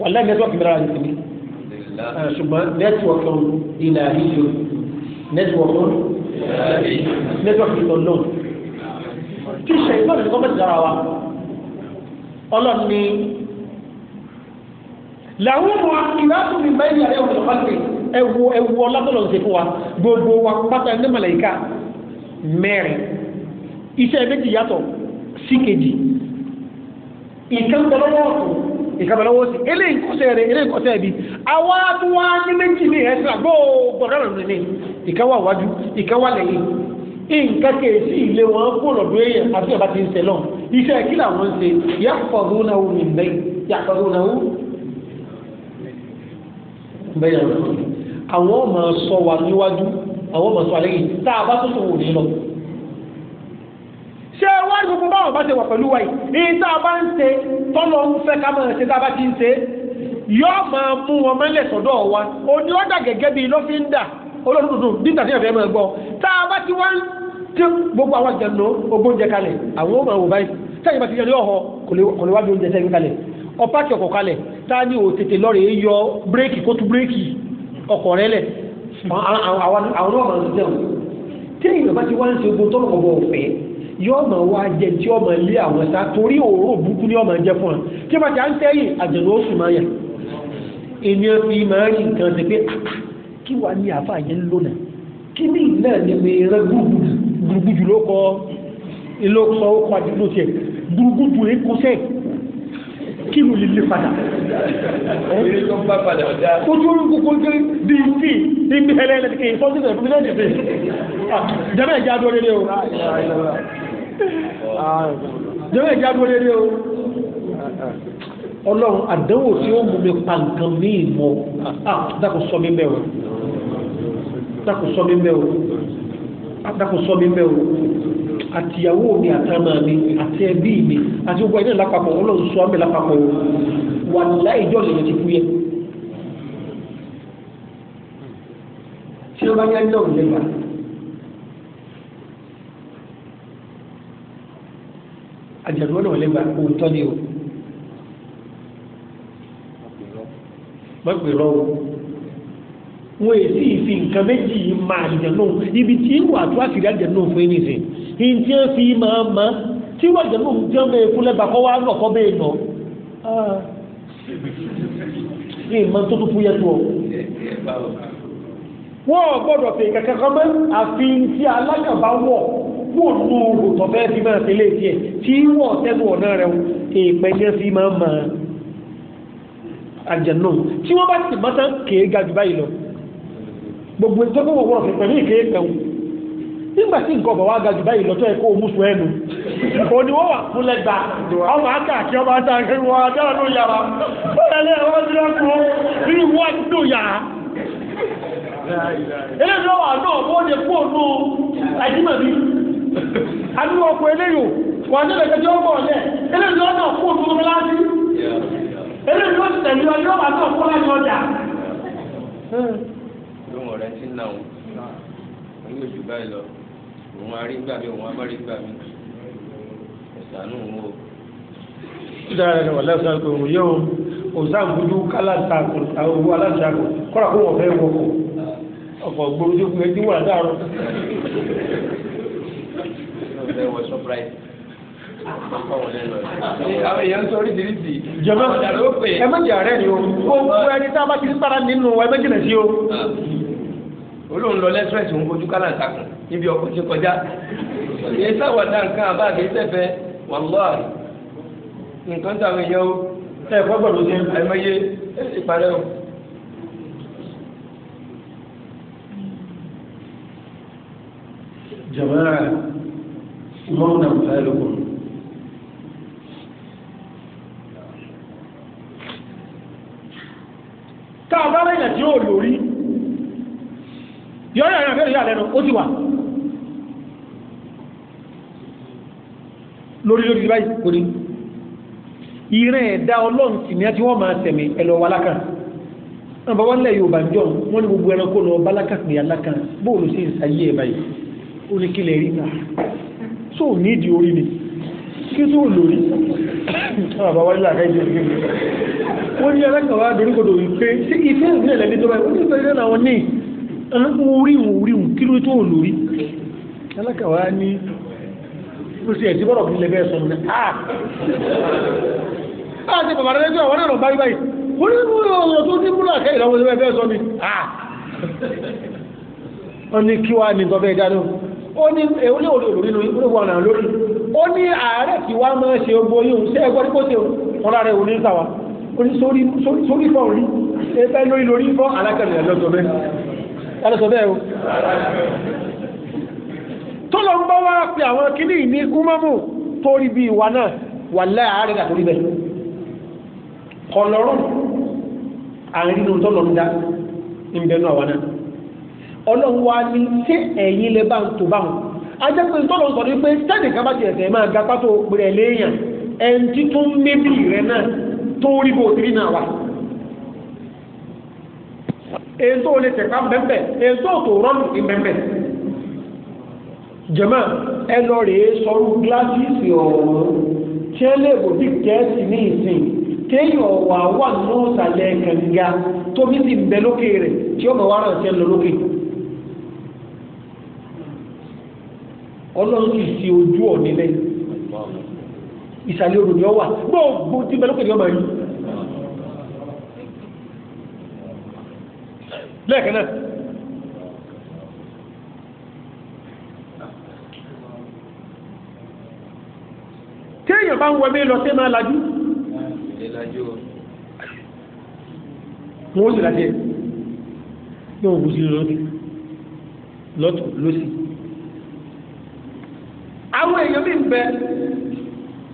B: wà láì nẹ́tíwọ́kì mìíràn ní tìmí ṣùgbọ́n nẹ́tíwọ́kì ìlà àríyọ nẹ́tíwọ́kì nẹ́tíwọ́kì tọ́nà kí ṣe ìgbọ́n mi kọ́ bẹ́ẹ̀ dára wa ọlọ́run ni làwọn ọmọ ìlàtún mi bá ìyàrá ìwọ̀n lọ́pàá ẹwu ẹwu ọlọ́tọ̀lọ́ ṣe fún wa gbogbo wa pátá ní màláíkà mẹ́rin iṣẹ́ méjì yàtọ̀ sí kejì ìkànnìlọ́wọ́ ọ̀tún ìkànnìlọ́wọ́ sí eléyìí kọ́sẹ̀ rẹ̀ eléyìí kọ́sẹ̀ bí àwa tó wá ní méjì ní ẹ̀sìn àgbọ̀ gbọ̀dọ̀ rẹ̀ ní ìkan wájú ìkan lẹ́yìn nǹkan kèésì ilé wọn kó lọ́dún èèyàn àti ọba ti ń sẹlọ̀ iṣẹ́ kí làwọn ń ṣe yàtọ̀dún náà wù mí bẹ́ẹ̀ yàtọ̀dún náà wù bẹ́ẹ̀ yàtọ̀ àwọn ọmọ sọ wà níwájú àwọn ọmọ sọ àlẹ́yìn tá a bá tó tó wò ní lọ. ṣé wá ní gbogbo báwọn bá ṣe wà pẹ̀lú wa yìí èyí tá a bá ń ṣe tọ́lọ ń fẹ́ ká máa ṣe tá a bá ti ń ṣe yóò máa mú wọn mẹ́lẹ̀ sọ́dọ̀ wa òní ọ̀dà gẹ́gẹ́ bíi lọ́fíńdà olóòtú tuntun dídà tí ẹ̀fẹ̀ máa gbọ́ tá a bá ti wá tí gbogbo àwọn àjẹnú ogbóúnjẹ kalẹ̀ àwọn ọmọ òwò báyìí táyà bá ti yẹ ní ọ̀họ́ kò lè wá bí oúnjẹ sẹ́yìn kalẹ̀ ọ̀páàkì ọkọ̀ kalẹ̀ tá a ní o tètè lọ́ọ̀rẹ́ yọ bírèkì kó tú bírèkì ọkọ̀ rẹ lẹ̀ àwọn ọmọ ọ̀sẹ̀ tí èèyàn bá ti wá ń ṣe ogun tọ́lọ̀ ọ̀bọ̀ ọ̀fẹ́ yóò máa wá jẹ tí ọmọ ilé àwọn sá torí òórò burúkú ni ọmọ jẹ fún wa tí bàtà ń tẹ́yìn àjẹnú oṣù máa yà ènìyàn fi máa rí nǹkan ti pé ah, ah, kí wàá ní àfa yẹn lónà kí ní ìlẹ̀ ni mi rẹ gbùgbùjù ló kọ ilé sọ ó kọ àdúgbò tiẹ̀ gbùgbùjù rẹ kọ sẹ́ẹ̀ kí ló lè lè padà. eré tó ń bá padà dá. ojú orí kúkú ń kiri bí tí ibi ẹlẹ́lẹ́ kì í sọ́jú ìṣẹ̀lẹ̀ fún mi lẹ́yìn ìfẹ́. Ah, jẹ́bẹ̀ẹ́ jẹ́ adúlé o. Ah, jẹ́bẹ̀ẹ́ jẹ́ adúlé o ọlọ́run àdánwò tí ó mú mi pa nǹkan ní ìmọ̀ ah, ah, dákò sọ mi mẹ́wọ̀ dákò sọ mi mẹ́wọ̀ ah, dákò sọ mi mẹ́wọ̀ àtìyàwó mi àtàmà mi àti ẹbí mi àti gbogbo ẹni lápapọ̀ ọlọ́run sọ mi lápapọ̀ wà láìjọ́ lè ti kú yẹ. tí wọ́n bá yá náà lẹ́gbàá àjàdùn náà lẹ́gbàá òótọ́ ni o. mọ̀pẹ̀ rọrùn wọn èsì ìfi nǹkan méjì yìí máa àlìjẹ náà ibi tí wà tó àkìrí àlìjẹ náà fún ẹni sìn kí n tí ń fi máa ma tí wà jẹ náà jẹ́ ọmọ ẹ̀kú lẹ́bàá kọ́ wá náà kọ́ bẹ́ẹ̀ nọ. ní ah. ìmọ̀ tó tó fúyẹ́ tó ọ. wọ́n gbọ́dọ̀ pé kẹ̀kẹ́ kan mọ́ àfi tí alákàbá wọ̀ wò nù òtọ̀fẹ́ fi máa fi léèkì ẹ̀ tí wọ́n tẹ́nu ọ̀nà rẹ̀ èèpẹ̀ jẹ́ fi máa máa àjẹ̀nà tí wọ́n bá ti mọ́tán kèé ga jù báyìí lọ gbogbo ìjọba wọ̀wọ́ ọ̀fẹ́ pẹ̀lú ìkéé pẹ̀wù nígbà tí nǹkan ọ̀bọ̀ wá ga jù báyìí lọ tó ẹ̀kọ́ òmùsù ẹnu òní wọ́n wà fún lẹ́gbà ọmọ akáàkiri ọmọ akáàkiri wọn adára ló yàrá pẹ̀lẹ́ ẹ̀rọ ti lọ́kùn nínú wọ́n ti lò yàrá eléyìí lọ́wọ́ àná wọ́n lè kú ònú àjímọ̀bí àdúgbò ọkọ̀ eléyìí wọ́n lè lẹ́gbẹ̀ẹ́ ọgbọ̀n lẹ̀ eléyìí lọ́wọ́ náà kú ònú lọ́wọ́
A: eré yóò ti tẹ̀lé ọ yóò wá tó kó láti ọjà. lóhùn rẹ ti nà ó wọn yóò jù báyìí lọ òun máa rí gbà mí òun máa rí gbà mí ìsànú òun o.
B: sídára rẹ̀ wà lẹ́sàn-án pé òun yóò òsàn bójú owó aláṣà kọ́ra kó wọ́n fẹ́ wọkọ̀ ọkọ̀ gbòòrò tó kún ẹjú wà dáàrọ̀. ọ̀sẹ̀ wọ surprise àwọn èèyàn sọ oríṣiríṣi. jọba ẹ méjì ààrẹ ni o gbogbo ẹni tá a bá ti ń para nínú ẹ méjì nà sí o. olóhùn lọ lẹ́sírẹ́sì ń kojú kálá ìtàkùn níbi ọkọ̀ ti kọjá. èyí sáwọ̀dà nǹkan àbá àbí sẹ́fẹ̀ wàlúwà nǹkan táwọn èèyàn o. ẹ kọ́ gbọ́dọ̀ ṣe àìmọye ẹ sì parẹ́ o. jọba ìmọ̀ ọ̀nà ìfẹ́ lókun. tá a bá rẹ̀yìn tí yóò lórí yọ̀ọ́yà yàrá bẹ́ẹ̀ yà lẹ́nu ó ti wà lórí lórí báyìí kò ní ìrìn ẹ̀dá ọlọ́run sì ní ẹ tí wọ́n máa tẹ̀mí ẹ lọ wà lákà náà bàbá ńlẹ̀ Yorùbá ń jọ wọ́n ní gbogbo ẹranko lọ bá lákà pé alákà bóòlù sí ìsayé ẹ̀ báyìí ó ní kílẹ̀ rí náà tó ní orí ni kí tó lórí bàbá wáyé làkà ìdí ìdí ìdí wọ́n ní alákàwá doríkodò wípé ṣé ìfẹ́ ìpínlẹ̀ lẹ́bí tó báyìí wọ́n ní ìfẹ́ ìrẹ́lẹ̀ àwọn ní orí orí kí ló tó lórí alákàwá ní lóṣù ẹ̀sìn bọ́rọ̀ kí lẹ́bẹ̀ẹ́ sọ ní àà àà ṣe bàbá rẹ̀ lẹ́jọ́ àwọn náà báyìí báyìí wọ́n ní ọ̀rọ̀ tó ní múlò àkẹ́ ìlọ́wọ́ ẹ̀fẹ́ sọ ní àà wọ́n ní kí wàá ní tọ́fẹ́ dáná ó ní ewu eh, ní olóòlù nínú ìlú wọn náà lórí ó ní ààrẹ kí wá máa ṣe ogbó yìí ṣe ẹgbẹ́ dípò ṣe wọn lára ewu ní sàwà sórí fọ́ orí ẹgbẹ́ lórí lórí fọ́ alákẹ̀lẹ̀ lọ́sọ̀ bẹ́ẹ̀ lọ́sọ̀ bẹ́ẹ̀ o tó lọ ń bọ́ wá pé àwọn kìíní ní gúmọ́mù tó rí bí ìwà náà wà láàárẹ̀ àtòrí bẹ́ẹ̀ kọlọ́rọ̀ àrínú tó lọ ń dá ìbẹ̀nú àwọn náà ọlọ́run wa ní tí ẹ̀yin lè bá ń tò bá wọn ajẹ́pẹ́ tọ́lọ̀ sọ ní pé tẹ́nìkan bá ti ẹ̀sẹ̀ máa ga pátó pèrè léèyàn ẹn tí tó ń mébì rẹ náà tó rí bó ti rí náà wà èyí tó lè tẹ̀ka bẹ́ẹ̀ èyí tó tó rọ́ọ̀nù ní bẹ́ẹ̀ jẹ̀mọ́ ẹ lọ rèé sọrú gíláṣíìsì ọ̀rọ̀ tí ẹ lè bò bí kẹ́ẹ̀sì ní ìsìn téèyàn wà wà nínú ìsàlẹ̀ kànga tóbi sì bẹ lókè rẹ̀ tí ó mọ̀ wá rántí ẹ ọlọ́run kì í fi ojú ọ̀ nílẹ̀ ìsàlẹ̀ òrùn ni ọ wà gbogbo tí bẹ́ẹ̀ lókè ni ọ máa rí lẹ́ẹ̀kan náà téèyàn bá ń wọ mí lọ sí máa lajú wọ́n ó sì lájẹ́ yóò wù sí lọ́tù lọ́tù àwọn èèyàn mi ń bẹ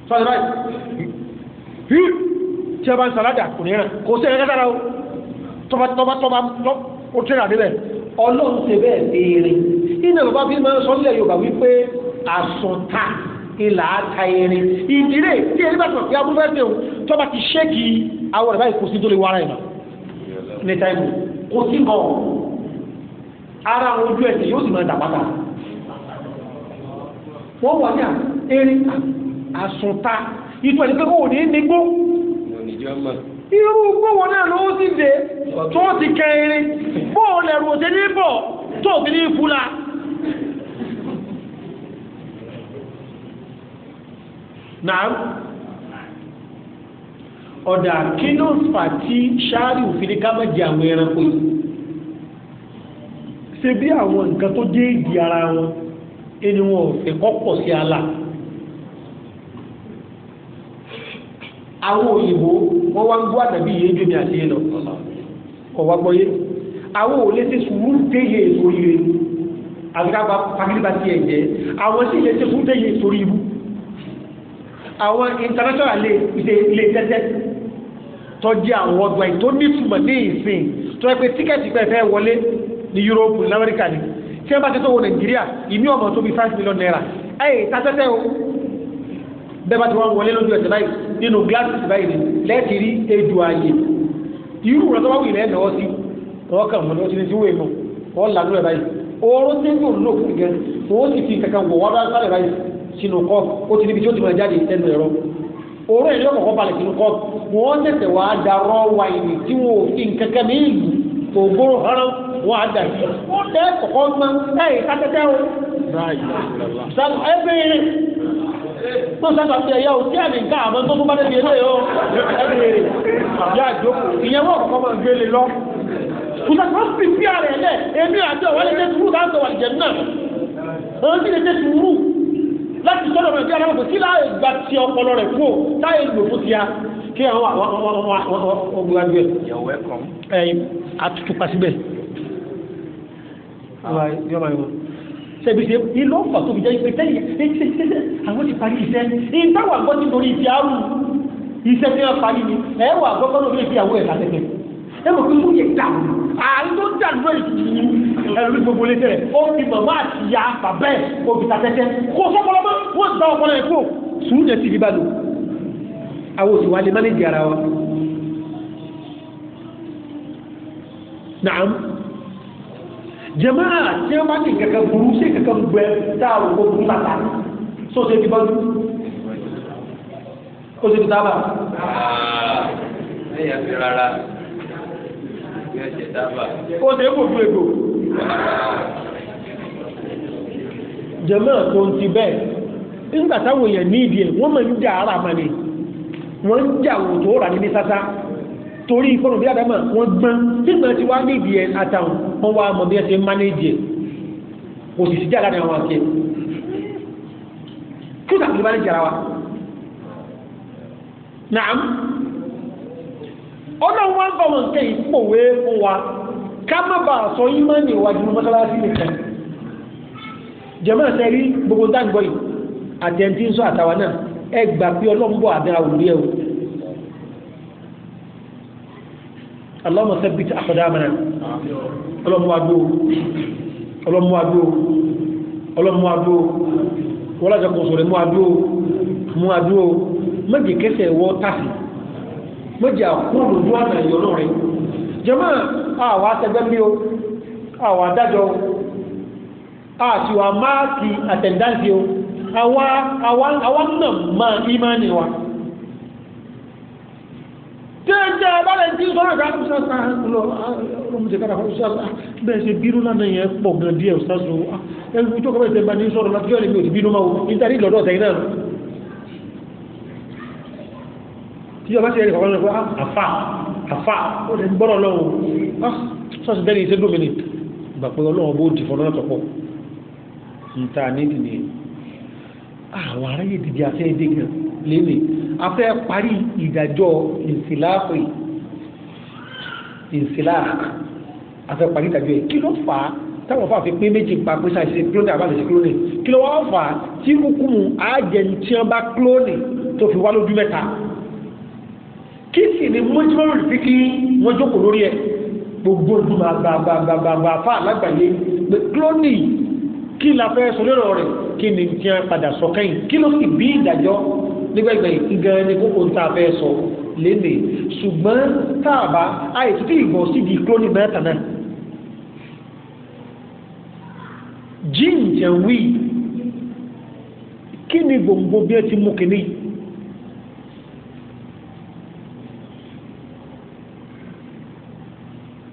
B: sọ̀rọ̀ báyìí hí tí a bá ń sàládà kò ní ràn kò sí ẹ̀rẹ́ sára o tọba tọba tọba ó tẹ́ra níbẹ̀ ọlọ́run ṣe bẹ́ẹ̀ béèrè iná bàbá bí máa ń sọ nílẹ̀ Yorùbá wípé àsọ̀ta ìlà ata irin ìdílé tí ẹni bá sọ̀rọ̀ pé abúlé fẹ́ tọba ti ṣẹ́kì àwọn ẹ̀rọ báyìí kò sí tó lè wá ara ẹ̀ ní táìmù kò sí mọ́ ara ojú ẹ̀sìn yóò sì máa dàpátà wọ́n wà ní erin àsùnta ìtọ́ ìdí pé kò ní nígbó. irú gbówó náà ló ti dé tó ti bọ̀ tó fi ní fúla. náà ọ̀dà kí tí ṣáàrì òfin ní ká àwọn ẹranko yìí ṣe bí àwọn nǹkan tó dé ìdí ara wọn ẹni wọn ò fi kọ́pọ̀ sí ala àwọn òyìnbó wọn wá ń gbọ́ àdàbí yìí ju ní àti yìí lọ kọ̀ wá gbọ́ yé àwọn ò lè ṣe sùúrù déyè èso yìí àgbàgbà pàkìlìbà tiẹ̀ jẹ́ àwọn sì lè ṣe sùúrù déyè èso yìí àwọn international lè lè tẹ́tẹ́ tọ́jú àwọn ọgbà tó nítumọ̀ ní ìsìn tó yẹ pé tíkẹ́ẹ̀tì pẹ̀fẹ́ wọlé ní Yúróòpù ní Amẹ́ríkà ni tí wọ́n bá tẹ́tọ́ wọ nàìjíríà ìní ọmọ tó bí five million naira ẹ̀yìn tatẹ́tẹ́ o bẹ́ẹ̀ bá ti wọ́n wọlé lójú ẹ̀sẹ̀ báyìí nínú gíláàsì báyìí lẹ́ẹ̀tì rí ejò ààyè irú rẹ̀ tó bá wùlẹ̀ ẹ̀nà ọtí wọ́n kàn mọ́ ní ọtí ní tí wọ́n èèmọ̀ wọ́n là lórí ẹ̀ báyìí oorun tí yóò lò fún gẹ wọ́n sì fi kankan wọ̀ wọ́n bá sálẹ̀ báyìí sínú kọ́ ó ti níbi tí ó ti máa jáde ẹnu ẹ̀rọ oorun ẹ̀yọ́ kọ̀ọ̀kan balẹ̀ sínú kọ́ wọ́n tẹ̀sẹ̀ wàá darọ́ wáìnì tí wọ́n ò fi nkankan ní ìlú wọ́n á dà yìí ó tẹ́ kọ̀kọ́ gbọ́n táyì kátẹ́tẹ́ o. sanu ẹ béèrè náà sábà fi ẹ̀yà o tí àmì nǹka àmọ́ tó tó bá débi ẹlẹ́yẹ o ẹ béèrè yà jókòó ìyẹn wọ́n kọ́kọ́ máa gbélé lọ. kùsàkùn fi fi ara ẹ̀ lẹ̀ èmi àti ọ̀wá lè dé sùúrù láti wà jẹ̀ náà wọ́n ti lè dé sùúrù láti sọ́dọ̀ mọ̀ sí alábàtò kí láàyè gba ti ọpọlọ rẹ̀ kú táyé lò fún ti a kí àwọn àwọn àwọn àwọn àwọn ọgbọ̀n àgbẹ̀. yẹ wẹ́kọ̀m. ẹ àtútù pasibẹ̀ yọba yọ ṣebí ṣe ilé ọkọ tó fi jẹ ìpè tẹyìn àwọn ti parí iṣẹ́ ìtawà gbọ́ ti torí ti àrùn iṣẹ́ tí wọ́n parí ni ẹ wà gbọ́ gbọ́ lórí ìyàwó ẹ̀ látẹ̀tẹ̀ ẹ mọ̀ pé ó yẹ dà àárín tó dà lórí ìtìyìn ẹ̀rọ ní gbogbo létẹ̀ rẹ̀ ó fi màmá àti ìyá bàbá ẹ̀ kó fi tatẹ́tẹ́ kó sọ́kọlọ́mọ́ wọ́n gba ọpọlọ ẹ̀ kó sùúrù yẹn ti fi balò àwọn òsì wa lè má jẹmáà tí wọ́n bá ti kankan burú sí kankan gbẹ tá a wò burú tàtà so ṣe ti bá dùn ó ṣe ti dábà.
A: ẹyà fi rárá yóò ṣe dábà. ó ṣe é kò fún ègbò. jẹmáà tó ń ti bẹ́ẹ̀
B: nígbà táwọn èèyàn ní ìdí ẹ̀ wọ́n máa ń jà ara màlẹ̀ wọ́n ń jà òtò rà ní ní torí ìfọ̀nù bí àdámà wọ́n gbọ́n tí wọ́n á ní ẹ̀ àtàwọn wọ́n wá mọ̀ bí ẹ ṣe ń mánéjì ẹ̀ kò sì àwọn kí bá ní jàrá wa. Nàám ọlọ́run wá ń bọ̀ wọn kẹ́ ìpòwé fún wa ká má bàa sọ yín má ní mọ́sálásí nìkan àtàwọn náà o. اللهم ثبت أقدامنا اللهم أدعو اللهم أدعو اللهم أدعو ولا تكون صوري مو أدعو mú adúró méjì kẹsẹ̀ wọ tàfí méjì àkúrò lójú àmà ìyọnú rẹ̀ jẹmọ́ àwọ̀ àtẹgbẹ́ bí o àwọ̀ àdájọ́ àti wà máàkì àtẹ̀ndáǹtì o àwa àwa náà máa ìmánì wa tẹ́ẹ̀tẹ́ abáre tí ó sọ́rọ̀ ìgbàlù sọ́sà lọ ah, ọmọdékára fún sọ́sà ah, bẹ́ẹ̀ ṣe bínú náà yẹn pọ̀ gan díẹ̀ sọ́sù ah, ẹgbẹ́ tó kọ́bẹ̀ tẹ́ bá ní sọ́rọ̀ láti yọ́lẹ̀ bí bínú máa wọ́n nítorí lọ́dọ̀ tẹ́yìn náà tí ọba ṣe ẹ̀rì kọ̀ọ̀kan lọ́wọ́ àfà àfà ó lè gbọ́rọ̀ lọ́wọ́ sọ́sù bẹ́ẹ̀ ni ṣe gómìnì gbà ni àwọn aráyè dìde afẹ́ dé gan léwe a fẹ́ parí ìdájọ́ ìsìláàpù ìsìláàpù a fẹ́ parí ìdájọ́ yìí kí ló fà á táwọn fà fi pé méjì pa pé sáà ṣe kílónì àbáṣe ṣe kílónì kí ló wá fà á tí kúkúmù àjẹni tí wọn bá kílónì tó fi wá lójú mẹ́ta kí sì ni mọ́júmọ́rù sí kí wọ́n jókòó lórí ẹ̀ gbogbo ìgbìmọ̀ àgbààgbààgbà fà lágbàáyé pé kílónì kí la fẹ́ sọ lérò rẹ̀ kí ni tí wọn padà sọ kẹ́yìn kí ló sì bí ìdájọ́ nígbàgbẹ́ ìgan ni kókó tá a fẹ́ sọ ṣùgbọ́n tá a bá àìsí tí ìgbọ̀n sí di kúrò ní mẹ́ta náà jíìn jẹ́ wí kí ni gbòǹgbò bí ẹ ti mú kínní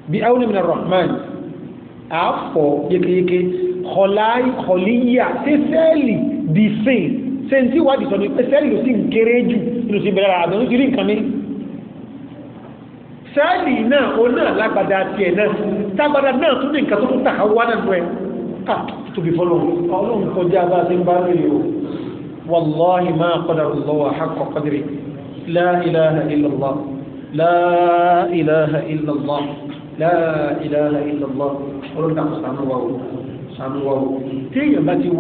B: bí àwọn ènìyàn rahman àfọ̀ yékéyéké kọlíyà tẹ́sẹ́ẹ̀lì bí ṣe ń tí wádìí sọ̀rọ̀ pé sẹ́ẹ̀lì ló sì ń kéré jù ló sì bẹ̀rẹ̀ àbẹ̀rún ti rí nǹkan mi sẹ́ẹ̀lì náà ó náà lágbàdá tiẹ̀ náà tágbàdá náà tún ní nǹkan tó tún tàkà wá náà rẹ̀ ká tóbi fọlọ́ ọlọ́run kọjá bá ti ń bá rí o wàláhi máa kọ́dà lọ́wọ́ àkọ́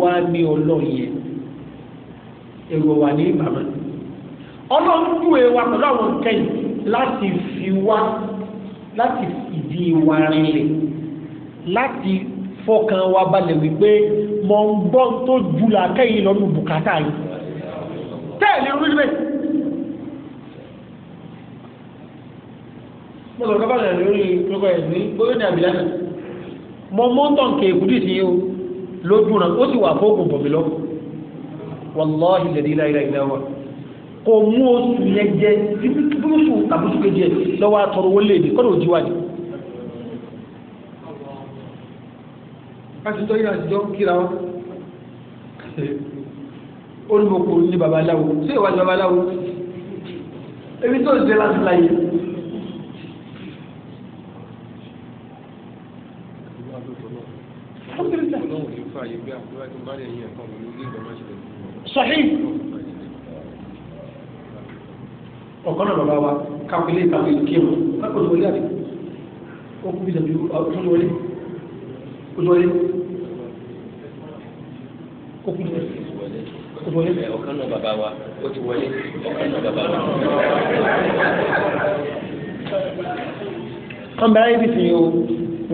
B: wá ní ọlọ́run èrò wà ní ìbámu ọlọ́run júwe wa pẹ̀lú àwọn kẹ́yìn láti fi wá láti ìdí wa rinlẹ̀ láti fọkàn wa balẹ̀ wípé mọ̀ ń gbọ́ tó ju làákẹ́yìn lọ́nu bùkátà yìí tẹ́ẹ̀lì orí rẹ̀ mo sọ̀rọ̀ kábàlì rẹ̀ lórí lókọ̀ ẹ̀ ní bóyá ní àbílá náà mọ̀ mọ́ńtàn kẹ̀kú dì sí yìí o lójú náà ó sì wà fóògùn bọ̀mí lọ́wọ́ wàláhì lẹ́dí láìra ìlà wa kò mú oṣù yẹn jẹ bíbúṣù àbúṣù kejì ẹ lọ́wọ́ àtọ̀rọ̀ wọlé ní kọ́dọ̀ òjì wájú. pásítọ̀ yìí àti kíra wọn olùmọ̀kò ní babaláwo sí ìwádìí babaláwo ebi tó ń ṣe láti láyé. ó kéré ta. ọlọ́run kì fààyè bí àbúrò àti bá lè yí ẹ̀kọ́ wọn ìgbà máa ṣe lè sahih ọ̀kan náà bàbá wa kápẹ́lẹ́ ìtàwé ìlú kéwù kápẹ́ òṣèwọlé àti okùn bí ìdàbí òṣèwọlé òṣèwọlé okùn bí ìdàbí ọ̀kan náà bàbá wa ó ti wọlé ọ̀kan náà bàbá wa. wọ́n bẹ̀rẹ̀ ibi tí o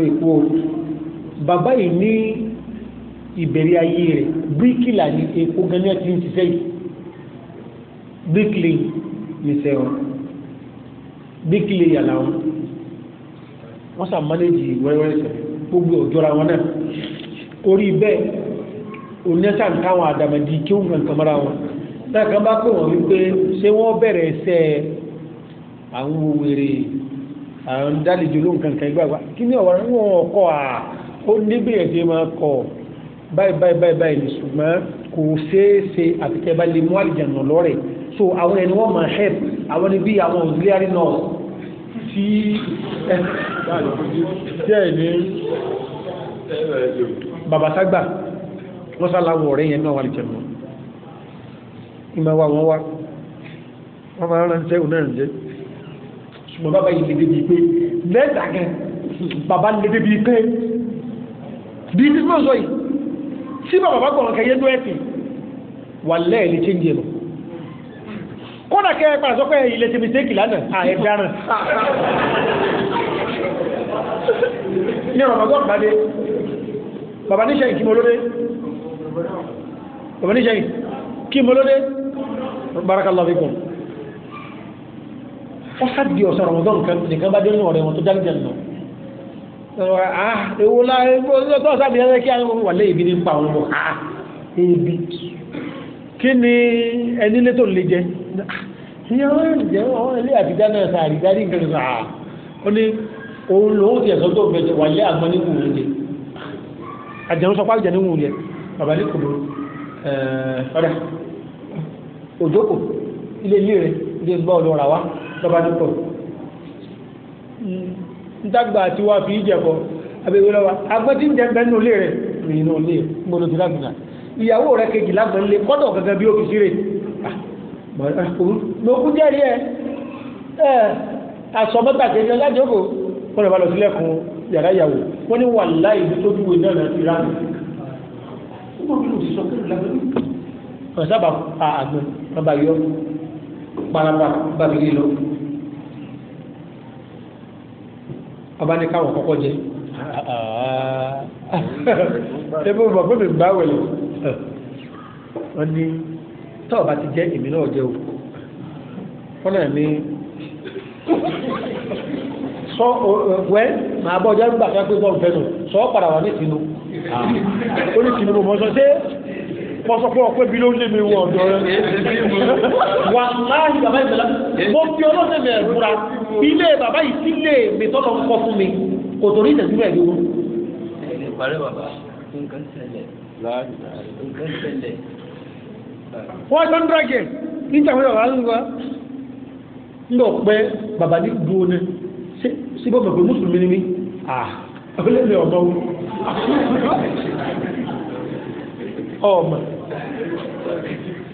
B: èkó bàbá yìí ní ìbẹ̀rẹ̀ ayé rẹ̀ bíríkìlà ní epo gẹ́gẹ́ ẹ̀ ti ń ṣiṣẹ́ yìí bíríkìlì nìṣẹ́ wọn bíríkìlì yàrá wọn wọ́n sà mánéjì wẹ́rẹ́wẹ́rẹ́ gbogbo ọ̀jọ́ra wọn náà orí bẹ́ẹ̀ onẹ́sà ń káwọn àdàmàdì kí wọ́n kàn mọ́ra wọn náà kan bá pè wọ́n wípé ṣé wọ́n bẹ̀rẹ̀ ẹsẹ̀ àwọn wèrè àwọn dálejò ló ń kankan ìgbàgbà kí ni ọ̀wọ́n ọkọ̀ à ó níbẹ̀rẹ̀ tí máa kọ̀ ọ́ báyìí báyìí báyìí báyìí ni ṣùgbọ́n kò ṣeéṣe àti kẹ́ bá lè mú àlìjànà lọ́rẹ̀ so àwọn ẹni wọ́n máa help àwọn ni bí àwọn auxiliary nurse tí ẹ jẹ́ ní bàbá ságbà wọ́n sáláwọ̀ ọ̀rẹ́ yẹn náà wà àlìjànà ìmọ̀ wa wọ́n wá wọ́n máa ránṣẹ́ òun náà jẹ́ ṣùgbọ́n bàbá yìí lè débi pé lẹ́ẹ̀dà gan bàbá lè débi pé bí tí mo sọ yìí tí bàbá bá gbọ̀n kẹyẹ ló ẹ̀sìn wà lẹ́ẹ̀lì tí ń jẹ lọ kódà kẹ ẹ padà sọ pé ilé ti fi séèkì lánàá àyè dáràn ní rọmọgọ́n bá dé bàbá níṣẹ́ yìí kí mo lóde bàbá níṣẹ́ yìí kí mo lóde barakallahu fikum ó sáà di ọ̀sán rọmọgọ́n nìkan bá dé ní ọ̀rẹ́ wọn tó jáde jẹ́ Ah, ewu la tó ọ̀sán mi yẹn kí àwọn wà lé ibi ní pa àwọn ọmọ ha ah, ebi kí ni ẹni lé tó lè jẹ ah, ìyá wọn jẹ wọn ilé àtijọ́ náà sa àrídárí nǹkan sọ àá ó ní òun lòun ti ẹ̀sọ́ tó bẹ̀rẹ̀ wà lé àgbọn ní kùn ní àjẹun sọ pé àjẹun ní kùn ní bàbá ní kùn ọ̀dà òjòkò ilé ilé rẹ̀ ilé gbọ́ ọ̀dọ̀ ọ̀rà wa lọ́ba ní kùn ntagba àti wá fi jẹbọ abẹ́wé lọ́wọ́ agbẹ́tí ń jẹ bẹ́ẹ̀ nù lé rẹ̀ rìn nù lé gbọdọ̀ ti lágbègbè ìyàwó rẹ̀ kejì lágbègbè lé kọ́dọ̀ gẹ́gẹ́ bí òfìsí rẹ̀ lókun ah, ah, jẹ́rí ẹ̀ ẹ̀ àsọ̀mọ́ta kejì lájọ́kò wọ́n bá lọ sílẹ̀ fún yàrá ìyàwó wọ́n ní wà láì ní tójú ìwé náà ti rá ọ̀sábà àgbẹ̀ ọba yọ parapa bàbí lílọ ọba ní káwọn kọ́kọ́ jẹ ẹbí wọn bọ́ mi bá wẹ̀lẹ̀ wọn ní tọ́ ọba ti jẹ́ èmi náà jẹ́ o wọn náà ní sọ wẹ́ màá bọ́ ọjọ́ gbà fẹ́ pé bọ́ọ̀lù fẹ́ nù sọ padà wà ní tìǹbù ah. ó ní tìǹbù mọ́ sọ ṣé mo sọ fún ọ pé bí ló lé mi wọ ọ̀dọ̀ rẹ. wà láàyè bàbá ìbẹ̀lá mo fi ọlọ́sẹ̀ mi ẹ̀rúra ilé bàbá yìí sí lè mi tọ́lọ̀ ń kọ́ fún mi kò torí ìtẹ̀síwò ẹ̀ lówó.
A: ẹ parí bàbá nǹkan ṣẹlẹ̀ nǹkan ṣẹlẹ̀.
B: wọ́n jọ ń dàgẹ̀ níta wọn yọ̀ wá ń ń lọ pẹ́ bàbá ní dúró ní síbọ̀ bàbá mùsùlùmí ni mí ọ̀lẹ́lẹ̀ ọ̀mọ́
A: ọmọ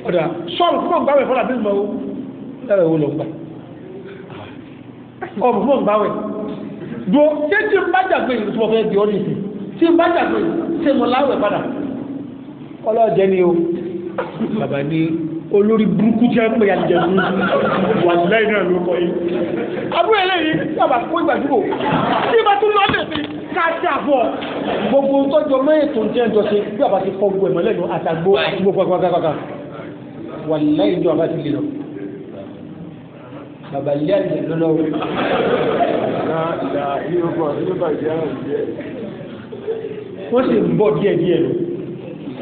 A: ọ̀dà
B: sọ́ọ̀lù fún ọ̀gbáwẹ̀ fọ́lá bí mọ̀ ẹ̀rọ ìwò lọ́gbà ọ̀bù fún ọ̀gbáwẹ̀ dùn ṣé tí n bá jàgbé yìí tí mo fẹ́ di ọ́ nìyí tí n bá jàgbé yìí ṣé mo láwẹ̀ padà ọlọ́ọ̀jẹ́ ni o bàbá ni olórí burúkú jẹ́ pé àjẹ̀dú wà lẹ́yìn náà ló kọ́ yìí. abúlé eléyìí sábà kó ìgbàdúgbò tí bá tún lọ lè fi káàtì àbọ̀ gbogbo tọ́jú ọmọ ètò ìjẹ́ ìjọsìn bí àbá ti fọ́ gbogbo ẹ̀mọ́lẹ́nu àtàgbò gbogbo pàápàá o wà lẹ́yìn ìjọba ti lè lọ bàbá ilé àjẹ ló lọ. wọ́n sì ń bọ̀ díẹ̀ díẹ̀ lọ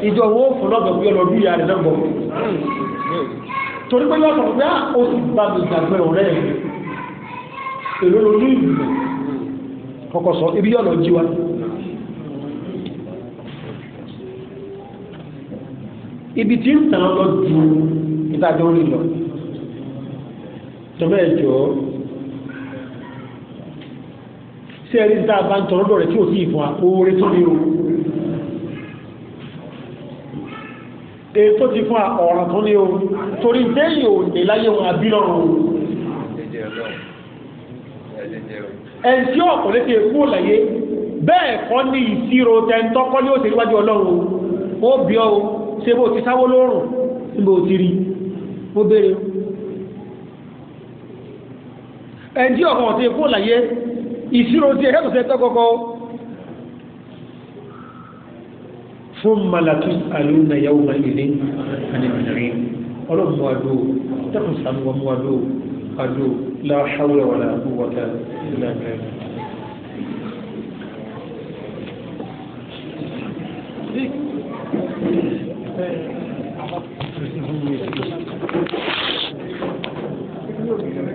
B: ìjọ wo fún lọ́dọ̀ bí ọlọ́dún ìyá rẹ̀ náà bọ̀
A: torí pé yọ̀ọ́ sọ̀rọ̀ pé á ah, o sì bá mi
B: gbàgbé ọ̀rẹ́ rẹ̀ èlò lórí ìlú kọ̀kọ̀ sọ ibi yọ̀ọ́ lọ jí wa. ibi tí ń tàn lọ ju ìtajà orí lọ tọ́mọ̀ ẹ̀jọ́ sí ẹni tá a bá ń tọrọ lọ́rẹ̀ tí ò sí ìfún àkóóre tó ní o èyí tó ti fún ọ̀ràn tó ní o torí déyìí ò ní láyé wọn àbí lọ́rùn ẹni tí ọ̀pọ̀ létí èkú òlàyé bẹ́ẹ̀ kọ́ ní ìṣirò tẹ́ntọ́kọ́ ní òṣèlú wájú ọlọ́run ó bí ọ́ o ṣe bó ti sáwó lórùn níbo ti rí mo béèrè ẹ̀ndí ọ̀kan ọ̀tí ikú làyé ìṣirò tí ẹ̀yẹ́ tó ṣe tọ́kọ́kọ́ fún malatu alúna yàwó malilé anìmìnirí ọlọ́mọ adó tẹ́kùn sàmúwà adó adó láhàwẹ̀ wà láàbù ìlànà
A: Thank you. 对，然后就是
D: 右边的